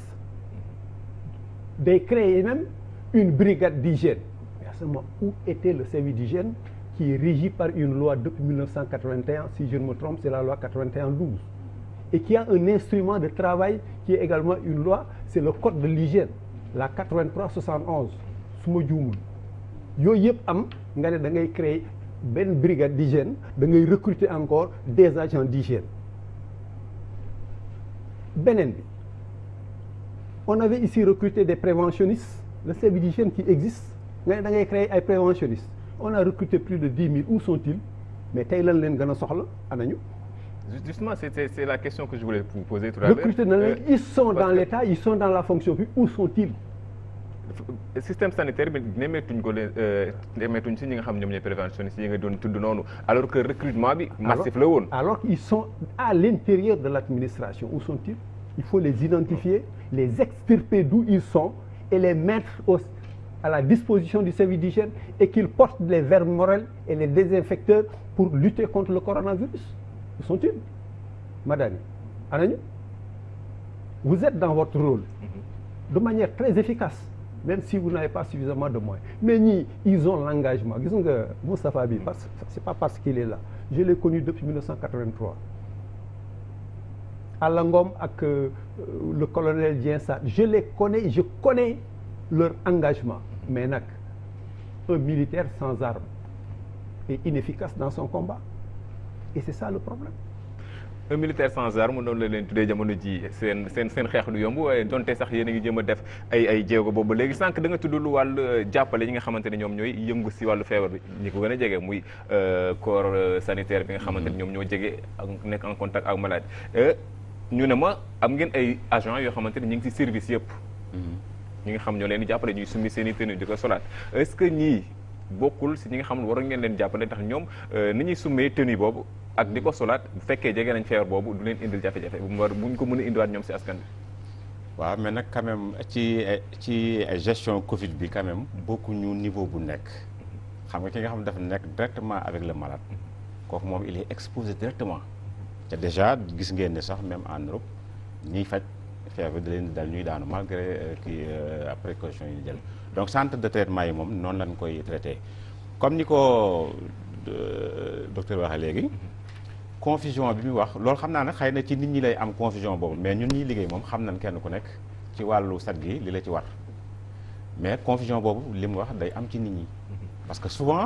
day créer même une brigade d'hygiène mais à ce moment où était le service d'hygiène qui est régi par une loi depuis 1981 si je ne me trompe c'est la loi 91 12 et qui a un instrument de travail qui est également une loi c'est le code de l'hygiène la 83 71 su ma juumul yooyu yëpp am nga ne da ngay créer benn brigade d'hygiène da ngay recruter encore des agents d'hygiène beneen bi on avait ici recruté des préventionnistes le service d'hygiène qui existe nga ne da ngay créer ay préventionnistes on a recruté plus de dix mille où sont-ils mais tey lan leen gën a soxla anañu justement c'est la question que je voulais vous poser tout à l'heure recruter na leen euh, ils sont dans l'état ils sont dans la fonction publique où sont-ils système sanitaire bi nemmeetuñ ko leen euh, nemmeetuñ si ñi nga xam ñoom ñooy préventionnistes yi nga doon tudd noonu alors que recrutement bi massif la woon alors qu'ils sont à l'intérieur de l'administration où sont-ils il faut les identifier les extirper d'où ils sont et les mettre au à la disposition du service d'hygiène et qu'ils portent les verres morels et les désinfecteurs pour lutter contre le coronavirus où sont-ils madame anañu vous êtes dans votre rôle de manière très efficace même si vous n'avez pas suffisamment de moyens mais ñii ils ont l'engagement gis nga Moustapha bi parce c'est pas parce qu'il est là je l'ai connu depuis 1983 Alla Ngom ak euh, le colonel Dieng Sarr je les connais leur engagement mais nag un militaire sans armes est inefficace dans son combat et c'est ça le problème un militaire sans arme noonu la leen tuddee jamono ji seen seen seen xeex du yomb waaye donte sax yéen a ngi jéem a def ay ay jéego boobu léegi sànq da nga tudd lu wàllu euh, jàppale ñi nga xamante ne ñoom ñooy yëngu si wàllu feebar bi ñi ko gën a jege muy euh, corps euh, sanitaire bi nga xamante ne ñoom ñoo jege ak nekk en contact ak malade ñu ne ma am ngeen ay agent yoo xamante ne ñu ngi ci service yëpp mm-hmm. ñi nga xam ñoo leen di jàppale ñuy summi seen i tenue di ko solaat est-ce que ñii bokkul si ñi nga xam ne waroon ngeen leen jàppale ndax ñoom euh, ni ñuy summee tenue boobu ak di ko solaat bu fekkee jege nañ feebar boobu du leen indil jafe-jafe bu mu war buñ ko mën a indiwaat ñoom si askan bi waaw mais nag quand même ci ci gestion Covid bi quand même bokkuñu niveau bu nekk xam nga ki nga xam ne dafa nekk directement avec le malad kooku moom il est exposé directement te déjà gis ngeen ne sax même en Europe ñiy faj feebar da leen dal ñuy daanu malgré euh, kii euh, précaution yi jël donc centre de traitement yi moom noonu lañ koy traité comme ni ko euh, docteur waxee léegi confusion bi mu wax loolu xam naa nag xëy na ci nit ñi lay am confusion boobu mais ñun ñuy liggéey moom xam nañ kenn ku nekk ci wàllu sat gi li la ci war mais confusion boobu li mu wax day am ci nit ñi parce que souvent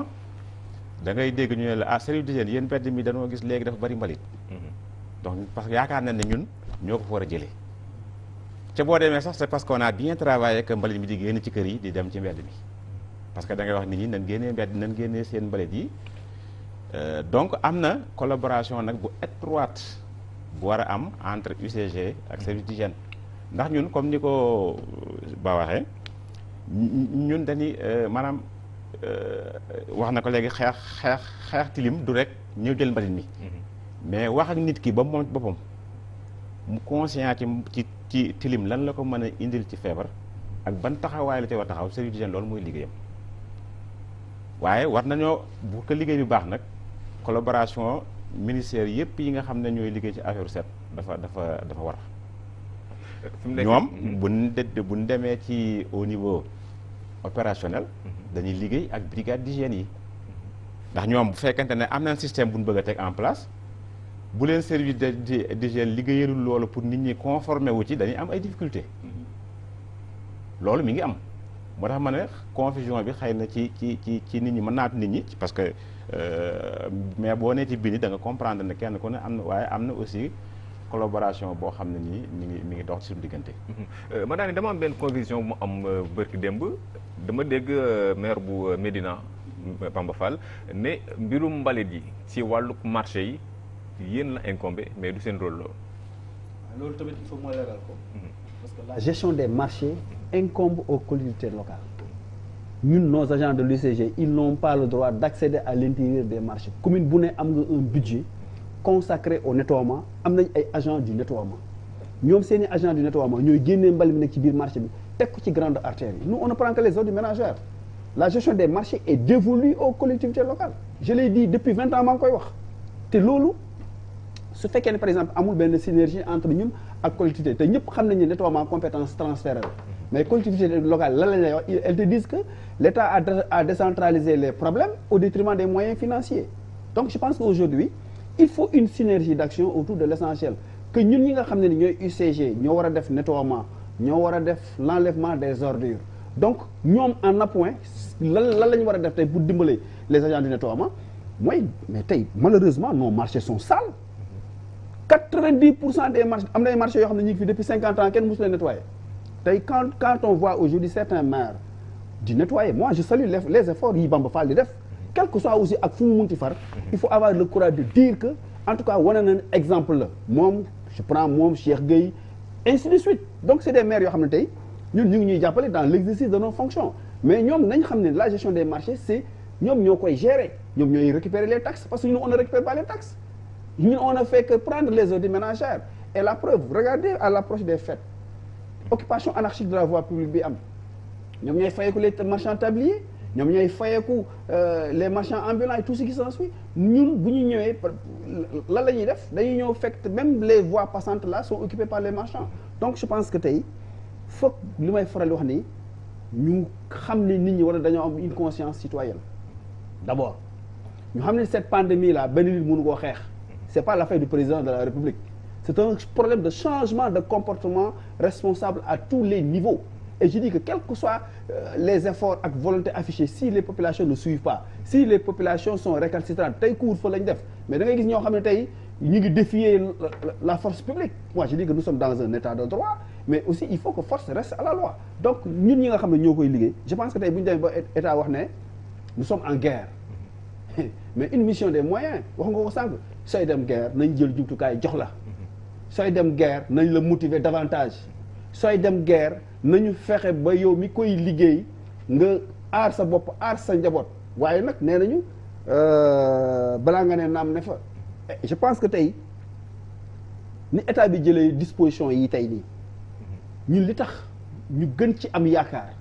da ngay dégg ñu ne la ah service d'hygiène yéen mbedd mi dañoo gis léegi dafa bari mbalit mhm. donc parce que yaakaar na ne ñun ñoo ko fa war a jëlee ca boo demee sax c'est parce qu'on a bien travaillé que mbalit mi di génn ci kër yi di dem ci mbedd mi parce que da ngay wax nit ñi nan génnee mbedd nan génnee seen mbalit yi euh, donc am na collaboration nag bu étroite bu war a am entre UCG ak service d'hygiène ndax ñun comme ni ko euh, ba waxee ñun dañuy euh, maanaam wax na ko léegi xeex xeex xeex tilim du rek ñëw jël mbalit mi mm-hmm. mais wax ak nit ki ba moom boppam mu conscient ci ci ci tilim lan la ko mën a indil ci feebar ak ban taxawaay la ci war taxaw service d'hygiène loolu mooy liggéeyam waaye war nañoo bu ko liggéey bi baax nag collaboration ministère yëpp yi nga xam ne ñooy liggéey ci affaire set dafa dafa dafa war. ñoom bu de buñ demee ci au niveau opérationnel. Mhm. dañuy liggéey ak brigade d'hygiène yi. ndax ñoom bu fekkente ne am na système bu ñu bëgg a teg en place. bu leen service d'hygiène liggéeyalul loolu pour nit ñi conformé wu ci dañuy am ay difficulté mm-hmm. loolu mi ngi am moo tax ma ne confusion bi xëy na ci ci ci ci nit ñi mën naat nit ñi parce que euh, mais boo nee ci biir da nga comprendre ne kenn ku ne am na waaye am na aussi collaboration boo xam ne nii mu ngi mi ngi dox si suñu diggante. Mm-hmm. Euh, ma daane dama am benn conviction bu mu am euh, bërki démb dama dégg maire bu Médina Bamba Fall ne mbirum mbalit yi ci wàllu marché yi. yéen la incombé mais du seen rôle la. Ah, loolu tamit il faut ko. parce que la gestion des marchés incombe aux collectivités locales. ñun nos agents de l'UCG ils n'ont pas le à l'intérieur des marchés commune bu ne am nga un budget consacré au nettoiement am nañ ay agents du nettoiement ñoom seen i agents du nettoiement ñooy génnee mbali mi nekk ci biir marché bi teg ko ci grande artère yi nous on ne la gestion des marchés est dévolue aux collectivités locales je l'ai dit depuis vingt ans maa ngi koy wax te loolu su fekkee ne par exemple amul benn synergie entre ñun ak collectivité te ñëpp xam nañu ne nettoiement compétence transférée la mais collectivité locale lan lañ lay wax elles te disent que l' a a les problèmes au détriment des moyens financiers donc je pense que aujourd'hui il faut une synergie d' action autour de l' essentiel que ñun ñi nga xam ne ni ñooy UCG ñoo war a def nettoiement ñoo war def l' enlèvement des ordures donc ñoom en appoint lan lan la ñu war a def pour dimbalee les agents du nettoiement mooy mais tey malheureusement nos marchés sont sales 90 pour cent des marchés am na ay marchés yoo xam ne ñu ngi fi depuis 50 ans kenn mosu leen nettoyer tey quand quand on aujourd'hui certains maires di nettoyer moi je salue les, efforts yi Bamba Fall di def quel soit ak fu mu munti far il faut avoir le courage de dire que en tout cas wane exemple la moom je prends moom Cheikh Gueye ainsi de suite donc c'est des maires yoo xam ne tey ñun ñu ngi ñuy jàppale dans l'exercice de nos fonctions mais ñoom nañ xam ne la gestion des marchés c'est ñoo koy gérer ñun on ne fait que prendre les ordures ménagères et la preuve regardez à l'approche des fêtes occupation anarchique de la voie publique bi am ñoom ñooy fayeku les marchands tabliers ñoom ñooy fayeku euh, les marchands ambulants et tout ce qui s'ensuit ñun bu ñu ñëwee lal la ñuy def dañuy ñëw fekk même les voies passantes là sont occupées par les marchands donc je pense que tey foog li may faral wax ni ñu xam ni nit ñi wala dañoo am une conscience citoyenne d'abord ñu xam ne cette pandémie là benn nit mënu koo xeex c'est pas l'affaire du président de la République c'est un problème de changement de comportement responsable à tous les niveaux et je dis que quels que soient euh, les efforts ak volonté affichée si les populations ne suivent pas si les populations sont récalcitrantes tey couvre-feu lañ def mais da ngay gis ñoo xam ne tey ñu ngi défier la force publique moi je dis que nous sommes dans un état de droit mais aussi il faut que force reste à la loi donc ñun ñi nga xam ne ñoo koy liggéey je pense que tey bu ñu demee en guerre mais une mission des moyens wax nga ko sànq sooy dem guerre nañ jël jumtukaay jox la sooy dem guerre nañ la motiver davantage sooy dem guerre nañu fexe ba yow mi koy liggéey nga aar sa bopp aar sa njaboot waaye nag nee nañu euh, balaa nga ne naam ne fa je pense que tey ni état bi jëlee disposition yi tey nii ñun li tax ñu gën ci am yaakaar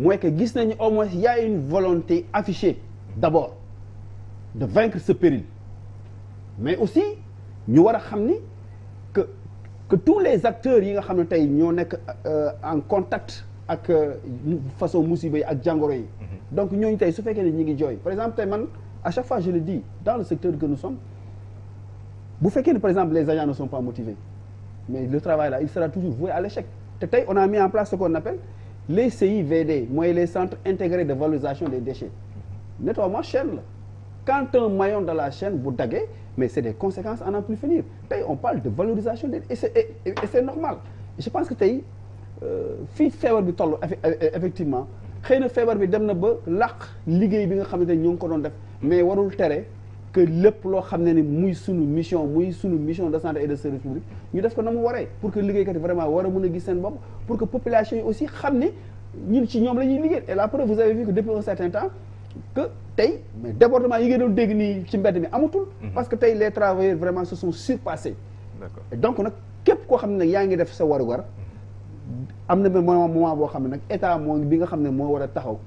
mooy que gis nañu au moins y a une volonté affichée d'abord de vaincre ce péril mais aussi ñu war a xam ni que que tous les acteurs yi nga xam ne tey ñoo nekk euh, en contact ak euh, façon musiba yi ak jàngoro yi. Mm-hmm. donc ñooñu tey su fekkee ne ñu ngi jooy par exemple tey man à chaque fois je le dis dans le secteur que nous bu fekkee ne par exemple les agents ne sont pas motivés mais le travail là il sera toujours voué à l'échec te tey on a mis en place ce qu'on appelle les CIVD mooy les centre intégrés de valorisation des déchets mm-hmm. nettoiement cher la. quand un maillon de la chaîne bu daggee mais c'est des conséquences à n'en plus finir tey on parle de valorisation des et c'est normal je pense que tey euh, fii feebar bi toll e, e, effectivement xëy na feebar bi dem na ba làq liggéey bi nga xam ne ñoo ngi ko doon def mais warul tere que lépp loo xam ne ni muy sunu mission muy sunu mission de santé et de service ñu def ko na mu waree pour que liggéeykat yi vraiment war a mën a gis seen bopp pour que population la ñuy liggéey et que tey mais débordement yi ngeen doon dégg nii ci mbedd mi amatul. Mhm. parce que tey les travailleurs vraiment se sont surpassés. d'accord donc nag képp koo xam ne nag yaa ngi def sa war warugar. Mhm. am na moment moment boo xam ne nag état moo bi nga xam ne moo war a taxaw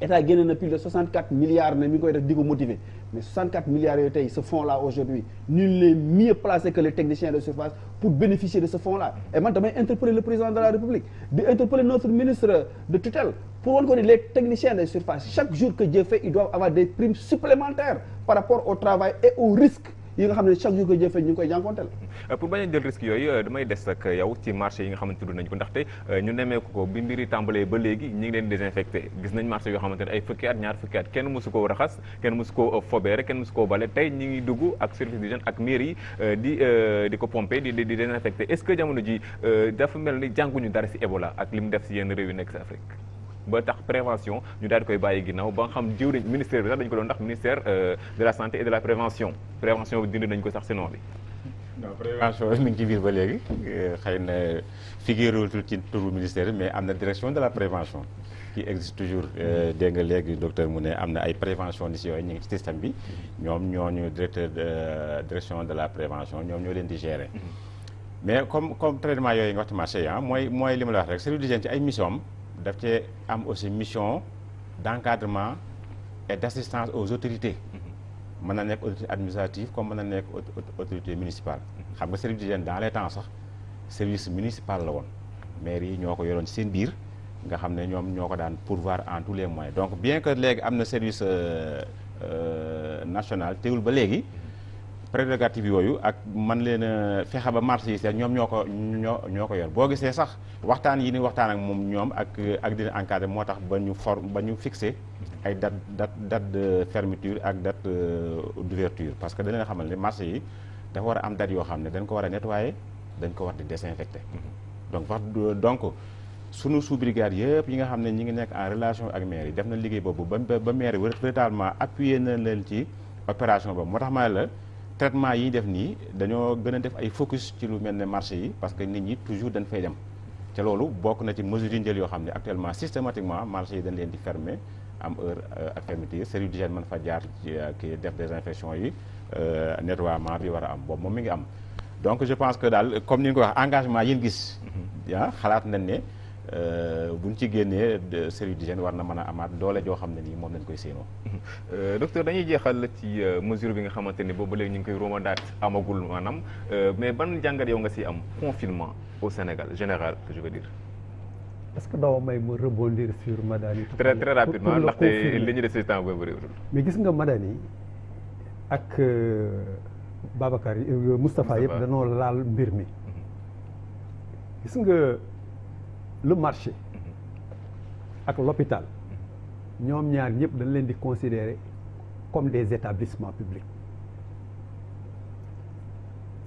état génne na plus de 64 milliards ne mi ngi koy def di ko motiver. mais 64 milliards yooyu tey ce fonds là aujourd'hui nul n'est mieux placé que les techniciens de surface pour bénéficier de ce fonds là et man le président de la république di notre ministre de tutelle pour wan ko ni les techniciens de surface chaque jour que Dieu fait ils doivent avoir des primes supplémentaires par rapport au travail et au risque yi nga xam ne chaque jour ko jëfee ñu ngi koy jànkonteel euh, pour bañ a jël risque yooyu euh, damay des ak euh, yow ci marché yi nga xamante tudd nañ ko ndaxte ñu nemeeku ko bi mbiri tàmbalee ba léegi ñi ngi leen désinfecté gis nañ marché yoo xamante ne ay fukki at ñaar fukki at kenn mosu ko raxas kenn mosu koo fobeere kenn mosu ko bale tey ñu ngi dugg ak service d'hygiène ak mairie yi di di ko pompé di di désinfecté est-ce que jamono ji dafa mel ni jànguñu dara si Ebola ak li mu def si yenn réew yu nekk si Afrique ba tax prévention ñu daal koy bàyyi ginnaaw ba nga xam jiw nañ ministère bi sax dañu ko doon ndax ministère euh, de la santé et de la prévention prévention bi dindi nañ ko sax si noonu non prévention mi ngi ci biir ba léegi euh, xëy na figurewul ci turu ministère mais am na direction de la prévention qui existe toujours euh, dégg nga léegi docteur mu ne am na ay préventionnistes yooyu ñu ngi ci système bi ñoom ñoo ñu directeur de direction de la prévention ñoom ñoo leen di gérer. Mm-hmm. mais comme comme traitement yooyu nga wax ci ah, mooy mooy li ma la wax rek service ay mission daf cee am aussi mission d'encadrement et d'assistance aux autorités mën na nekk autorité administrative comme mën na nekk autorité municipale xam nga service d'hygiène dans les temps sax service municipal la woon maire yi ñoo ko yoroon ci seen biir nga xam ne ñoom ñoo ko daan pourvoir en tous les moyens donc bien que léegi am na service euh, euh, national teewul ba léegi prérogative yooyu ak man leen a fexe ba marché yi sax ñoom ñoo ko ñoo ñoo ko yor boo gisee sax waxtaan yi ni waxtaan ak moom ñoom ak ak dina encadré moo tax ba ñu for ba ñu fixé ay date date date de fermeture ak date euh, d'ouverture parce que dañ leen xamal ne marché yi dafa war a am date yoo xam ne dañ ko war a nettoyer dañ ko war di désinfecter mm-hmm. donc wax euh, donc sunu sous-brigade yëpp yi nga xam ne ñi ngi nekk en relation ak maire yi def na liggéey boobu ba ba maire yi véritablement appuyé leen ci opération boobu moo tax ma la traitement yi def nii dañoo gën a def ay focus ci lu mel ne marché yi parce que nit ñi toujours dañ fay dem te loolu bokk na ci mesures yi njël yoo xam ne actuellement systématiquement marché yi dañ leen di fermer am heure euh, ak fermeture service d'hygiène mën fa jaar euh, kii def désinfection yi euh, nettoiement bi war a am boobu moom mi ngi am donc je pense que daal comme ni nga ko wax engagement yi ñu gis. Mm-hmm. ah xalaat nañ ne. Euh, buñ ci génnee service d'hygiène war na mën a amaat doole joo xam ne nii moom lañ koy séenoo. Euh, docteur dañuy jeexal ci euh, mesure bi nga xamante ni boobu léegi ñu ngi koy romandaat amagul maanaam mais ban jàngat yow nga si am confinement au Sénégal général je veux dire. est-ce may mu rebondir sur Madani. très très rapidement ndaxte li ñu des si temps boobu réewul. mais gis nga Madani ak Babacar yi Moustapha yëpp danoo laal mbir mi mhm. gis nga. le marché ak l'hôpital ñoom ñaar ñëpp dañ leen di considérer comme des établissements publics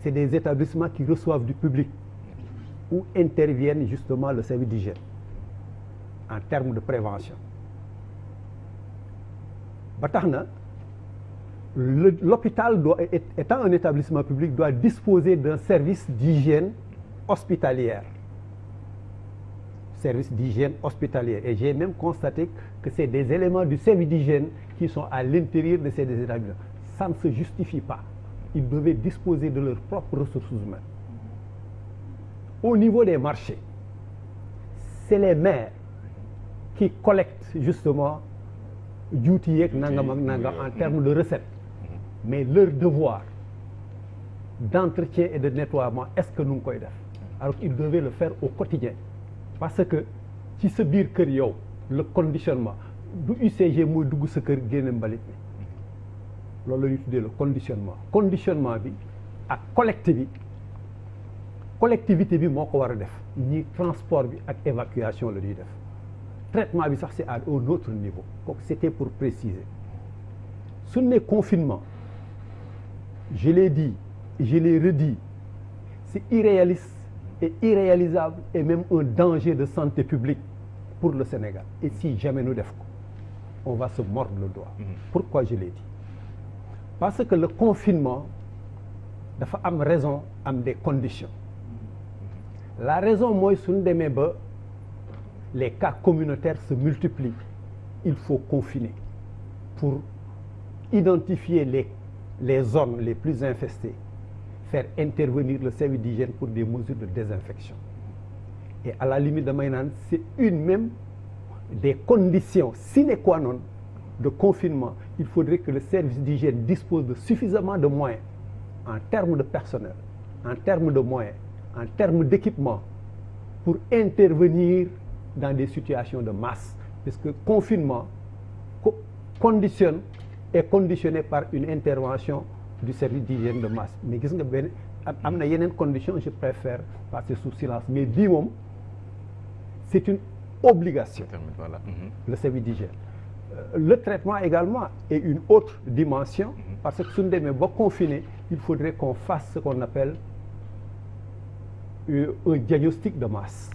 c'est des établissements qui reçoivent du public où interviennent justement le service d'hygiène en termes de prévention ba tax na l'hôpital doit étant un établissement public doit disposer d'un service d'hygiène hospitalière service d'hygiène hospitalière. Et j'ai même constaté que c'est des éléments du service d'hygiène qui sont à l'intérieur de ces établissements. Ça ne se justifie pas. Ils devaient disposer de leurs propres ressources humaines. Au niveau des marchés, c'est les maires qui collectent justement juuti yeeg nangam ak nangam en termes de recettes. Mm-hmm. mais leur devoir d'entretien et de nettoiement est-ce que nu ngi koy def alors qu'ils devaient le faire au quotidien parce que ci sa biir kër yow le conditionnement du UCG mooy dugg sa kër génne mbalit loolu la ñuy tuddee le conditionnement conditionnement bi ak collecte bi collectivité bi moo ko war a def ñi transport bi ak évacuation la ñuy def traitement bi sax c'est à un autre niveau kooku c'était pour préciser su ne confinement je l'ai dit redi si redit irréaliste est irréalisable et même un danger de santé publique pour le Sénégal et si jamais nous def ko on va se mordre le doigt mhm. pourquoi je l'ai dit parce que le confinement dafa am raison am des conditions mhm. la raison mooy suñu demee ba les cas communautaires se multiplient il faut confiner pour identifier les les zones les plus infestées faire intervenir le service d'hygiène pour des mesures de désinfection et à la limite damay naan c'est une même des conditions sine qua non de confinement il faudrait que le service d'hygiène dispose de suffisamment de moyens en termes de personnel en termes de moyens en termes d'équipement pour intervenir dans des situations de masse puisque confinement conditionne est conditionné par une intervention du service d'hygiène de masse mais gis nga benn am na yeneen condition je préfère passer sous silence mais bii c'est une obligation voilà. Mm-hmm. Mm-hmm. le service d'hygiène euh, le traitement également est une autre dimension mm-hmm. parce que suñu demee ba confiné il faudrait qu'on fasse ce qu'on appelle euh, un diagnostic de masse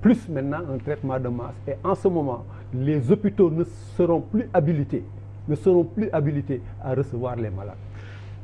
plus maintenant un traitement de masse et en ce moment les hôpitaux ne seront plus habilités so seront plus habilités à recevoir les malades.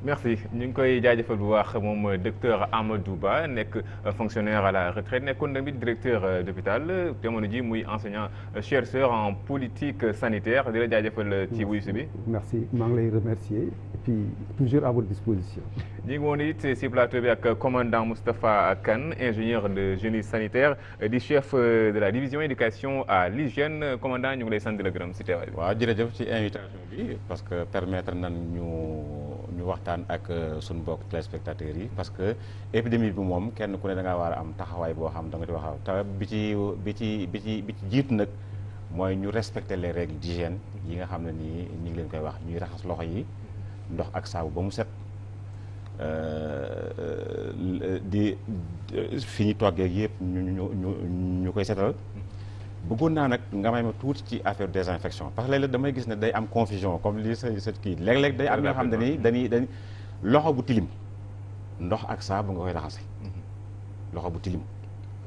merci ñu ngi koy jaajëfal bu baax moom docteur Amadou Ba nekk fonctionnaire à la retraite nekkoon tamit directeur d'hôpital jamono ji muy enseignant chercheur en politique sanitaire di la jaajëfal ci wuyu si bi. merci maa ngi lay remercier et puis toujours à votre disposition. ñu ngi woon it si plateau bi ak commandant Moustapha Kane ingénieur de génie sanitaire di chef de la division éducation à l'hygiène commandant ñu ngi lay sant di la gërëm si teewaay bi. waaw jërëjëf ci invitation bi parce que permettre nañ ñu. ñu waxtaan ak euh, suñu mbokk téléspectateurs yi parce que épidémie bi moom kenn ku ne da ngaa a am taxawaay boo xam da nga ci waxaw te bi ci bi ci bi ci ci jiitu nag mooy ñu respecter les règles d'hygiène yi nga xam ne nii ñu ngi leen koy wax ñuy raxas loxo yi ndox ak saabu ba mu set euh, euh, di fi ñu toggee yëpp ñu ñu ñu ñu koy setal bëggoon naa nag nga may ma tuuti ci affaire désinfection parce que léeg-léeg damay gis ne day am confusion comme lii sa sa kii léeg-léeg day am ñoo xam ne ni dañuy dañ loxo bu tilim ndox ak saabu nga koy raxase mm-hmm. loxo bu tilim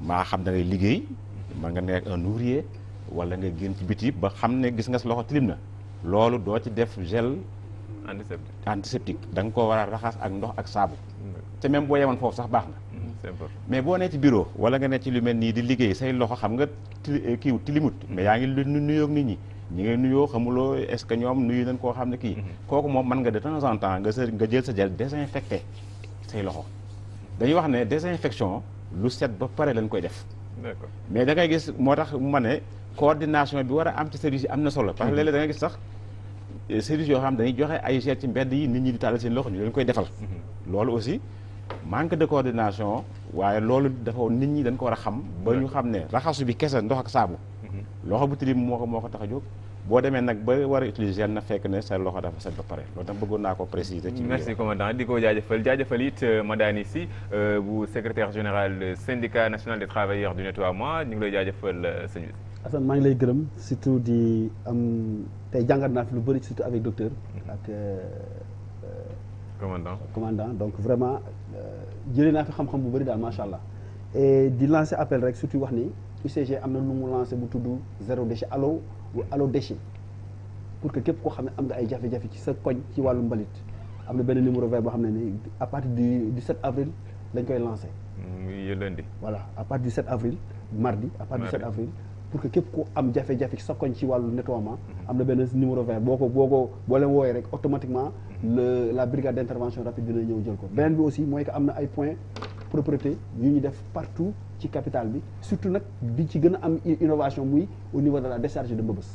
maa xam da ngay liggéey mën mm-hmm. nga nekk un ouvrier wala nga génn ci biti ba xam ne gis nga sa loxo tilim na loolu doo ci def gel antiseptique da nga ko war a raxas ak ndox ak saabu mm-hmm. te même boo yemoon foofu sax baax na mais boo nee ci bureau wala nga ne ci lu mel nii di liggéey say loxo xam nga eh, kiiw tilimut mm-hmm. mais yaa ngi lu nuyoog nit ñi ñi ngay nuyoo xamuloo est ce ñoom nuyu nañ koo xam ne kii mm-hmm. kooku moom mën nga de temps en temps nga sa nga jël sa jël désinfecté say loxo dañuy wax ne désinfection lu set ba pare lañ koy def mais dangay gis moo tax ma ne coordination bi war a am ci service yi am na solo parce que mm-hmm. léeg-léeg da gis sax eh, service yoo xam dañuy joxe ay gel ci yi nit ñi di tàllal loxo ñu leen koy defal manque de coordination waaye loolu dafa nit ñi dañ ko war a xam ba ñu xam ne raxasu bi kese ndox ak saabu mhm. loxo bu tilim moo ko moo ko tax a jóg boo demee nag ba war a utiliser na fekk ne sa loxo dafa set ba pare loolu tam bëggoon naa ko préciser ci merci commandant di ko jaajëfal jaajëfal it euh, Madani Sy euh, bu secrétaire général syndicat national des travailleurs du nettoiement ñu ngi lay jaajëfal euh, sëñ bi Assane maa ngi lay gërëm surtout di am tey jàngat naa fi lu bëri surtout avec docteur mhm. ak commandant commandant Euh, jëlee naa fi xam-xam bu bëri daal macha allah et di lancer appel rek surtout wax ni UCG am na lu mu lancer bu tudd zéro déchet alo alo déchet pour que képp koo xam ne am nga ay jafe-jafe ci sa koñ ci wàllu mbalit am na benn numéro vert boo xam ne ni à partir du 17 avril lañ koy lancer. Mm, muy lundi. voilà à partir du 7 avril mardi à partir du 7 avril. pour que képp ku am jafe-jafe sa koñ ci wàllu nettoiement am na benn numéro vert boo ko boo ko boo leen wooyee rek automatiquement le la brigade d' intervention rapide dina ñëw jël ko beneen bi aussi mooy que am na ay points propreté ñu ñu def partout ci capital bi surtout nag di ci gën a am innovation muy au niveau de la décharge de Mbëbës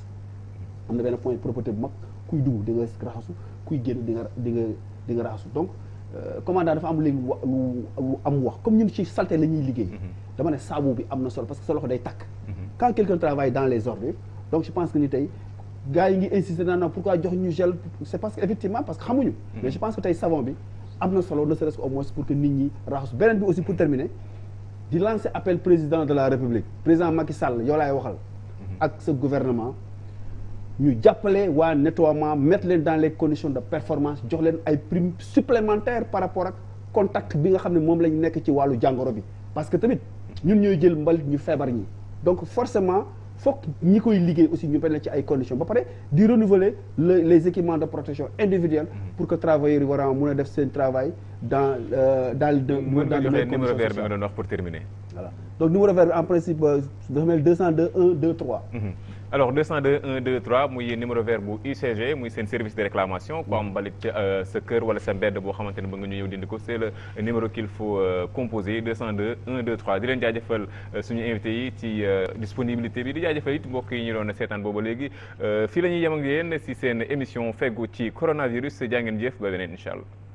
am na benn point propreté bu mag kuy dugg di nga raxasu kuy génn di nga di nga di raxasu donc euh, commandant dafa am léegi lu am wax comme ñun ci salté la ñuy liggéey mm-hmm. dama ne bi am na solo parce que sa day takk mm-hmm. quand quelqu'un travaille dans les ordures donc je pense que ni tey gars yi ngi insister naan pourquoi jox ñu gel c'est parce que effectivement parce que xamuñu mm-hmm. mais je pense que tey savon bi am na solo ne serait-ce au moins pour que nit ñi raxasu beneen bi aussi pour terminer di lancer appel président de la république président Macky Sall yow laay waxal mm-hmm. ak ce gouvernement ñu jàppale waa nettoiement mettre leen dans les conditions de performance jox leen ay primes supplémentaires par rapport ak contact bi nga xam ne moom lañ nekk ci wàllu jàngoro bi parce que tamit ñun ñooy jël mbalit ñu feebar ñi donc forcément fook ñi koy liggéey aussi ñu mel ne ci ay conditions ba pare di renouveler les équipements de protection individuelle mm-hmm. pour que travailleurs yi war a mun a def seen travail dans euh, dans de. daal di numéro vert bi nga doon wax pour terminer. voilà donc numéro vert bi en principe euh, dafa mel 202 1 2 3. alors 202 1 2 3 muy numéro vert bu UCG muy seen service de réclamation ku am mbalit euh, sa kër wala sa mbedd boo xamante ne ba nga ñu ñëw dindi ko c'est le numéro qu'il faut euh, composer 202 1 2 di leen jaajëfal euh, suñu invité yi ci disponibilité bi di jaajëfal it mbokk yi ñu doon seetaan booba léegi fii la ñuy yem ak yéen si seen émission feggu ci coronavirus jaa ngeen jëf ba beneen incha allah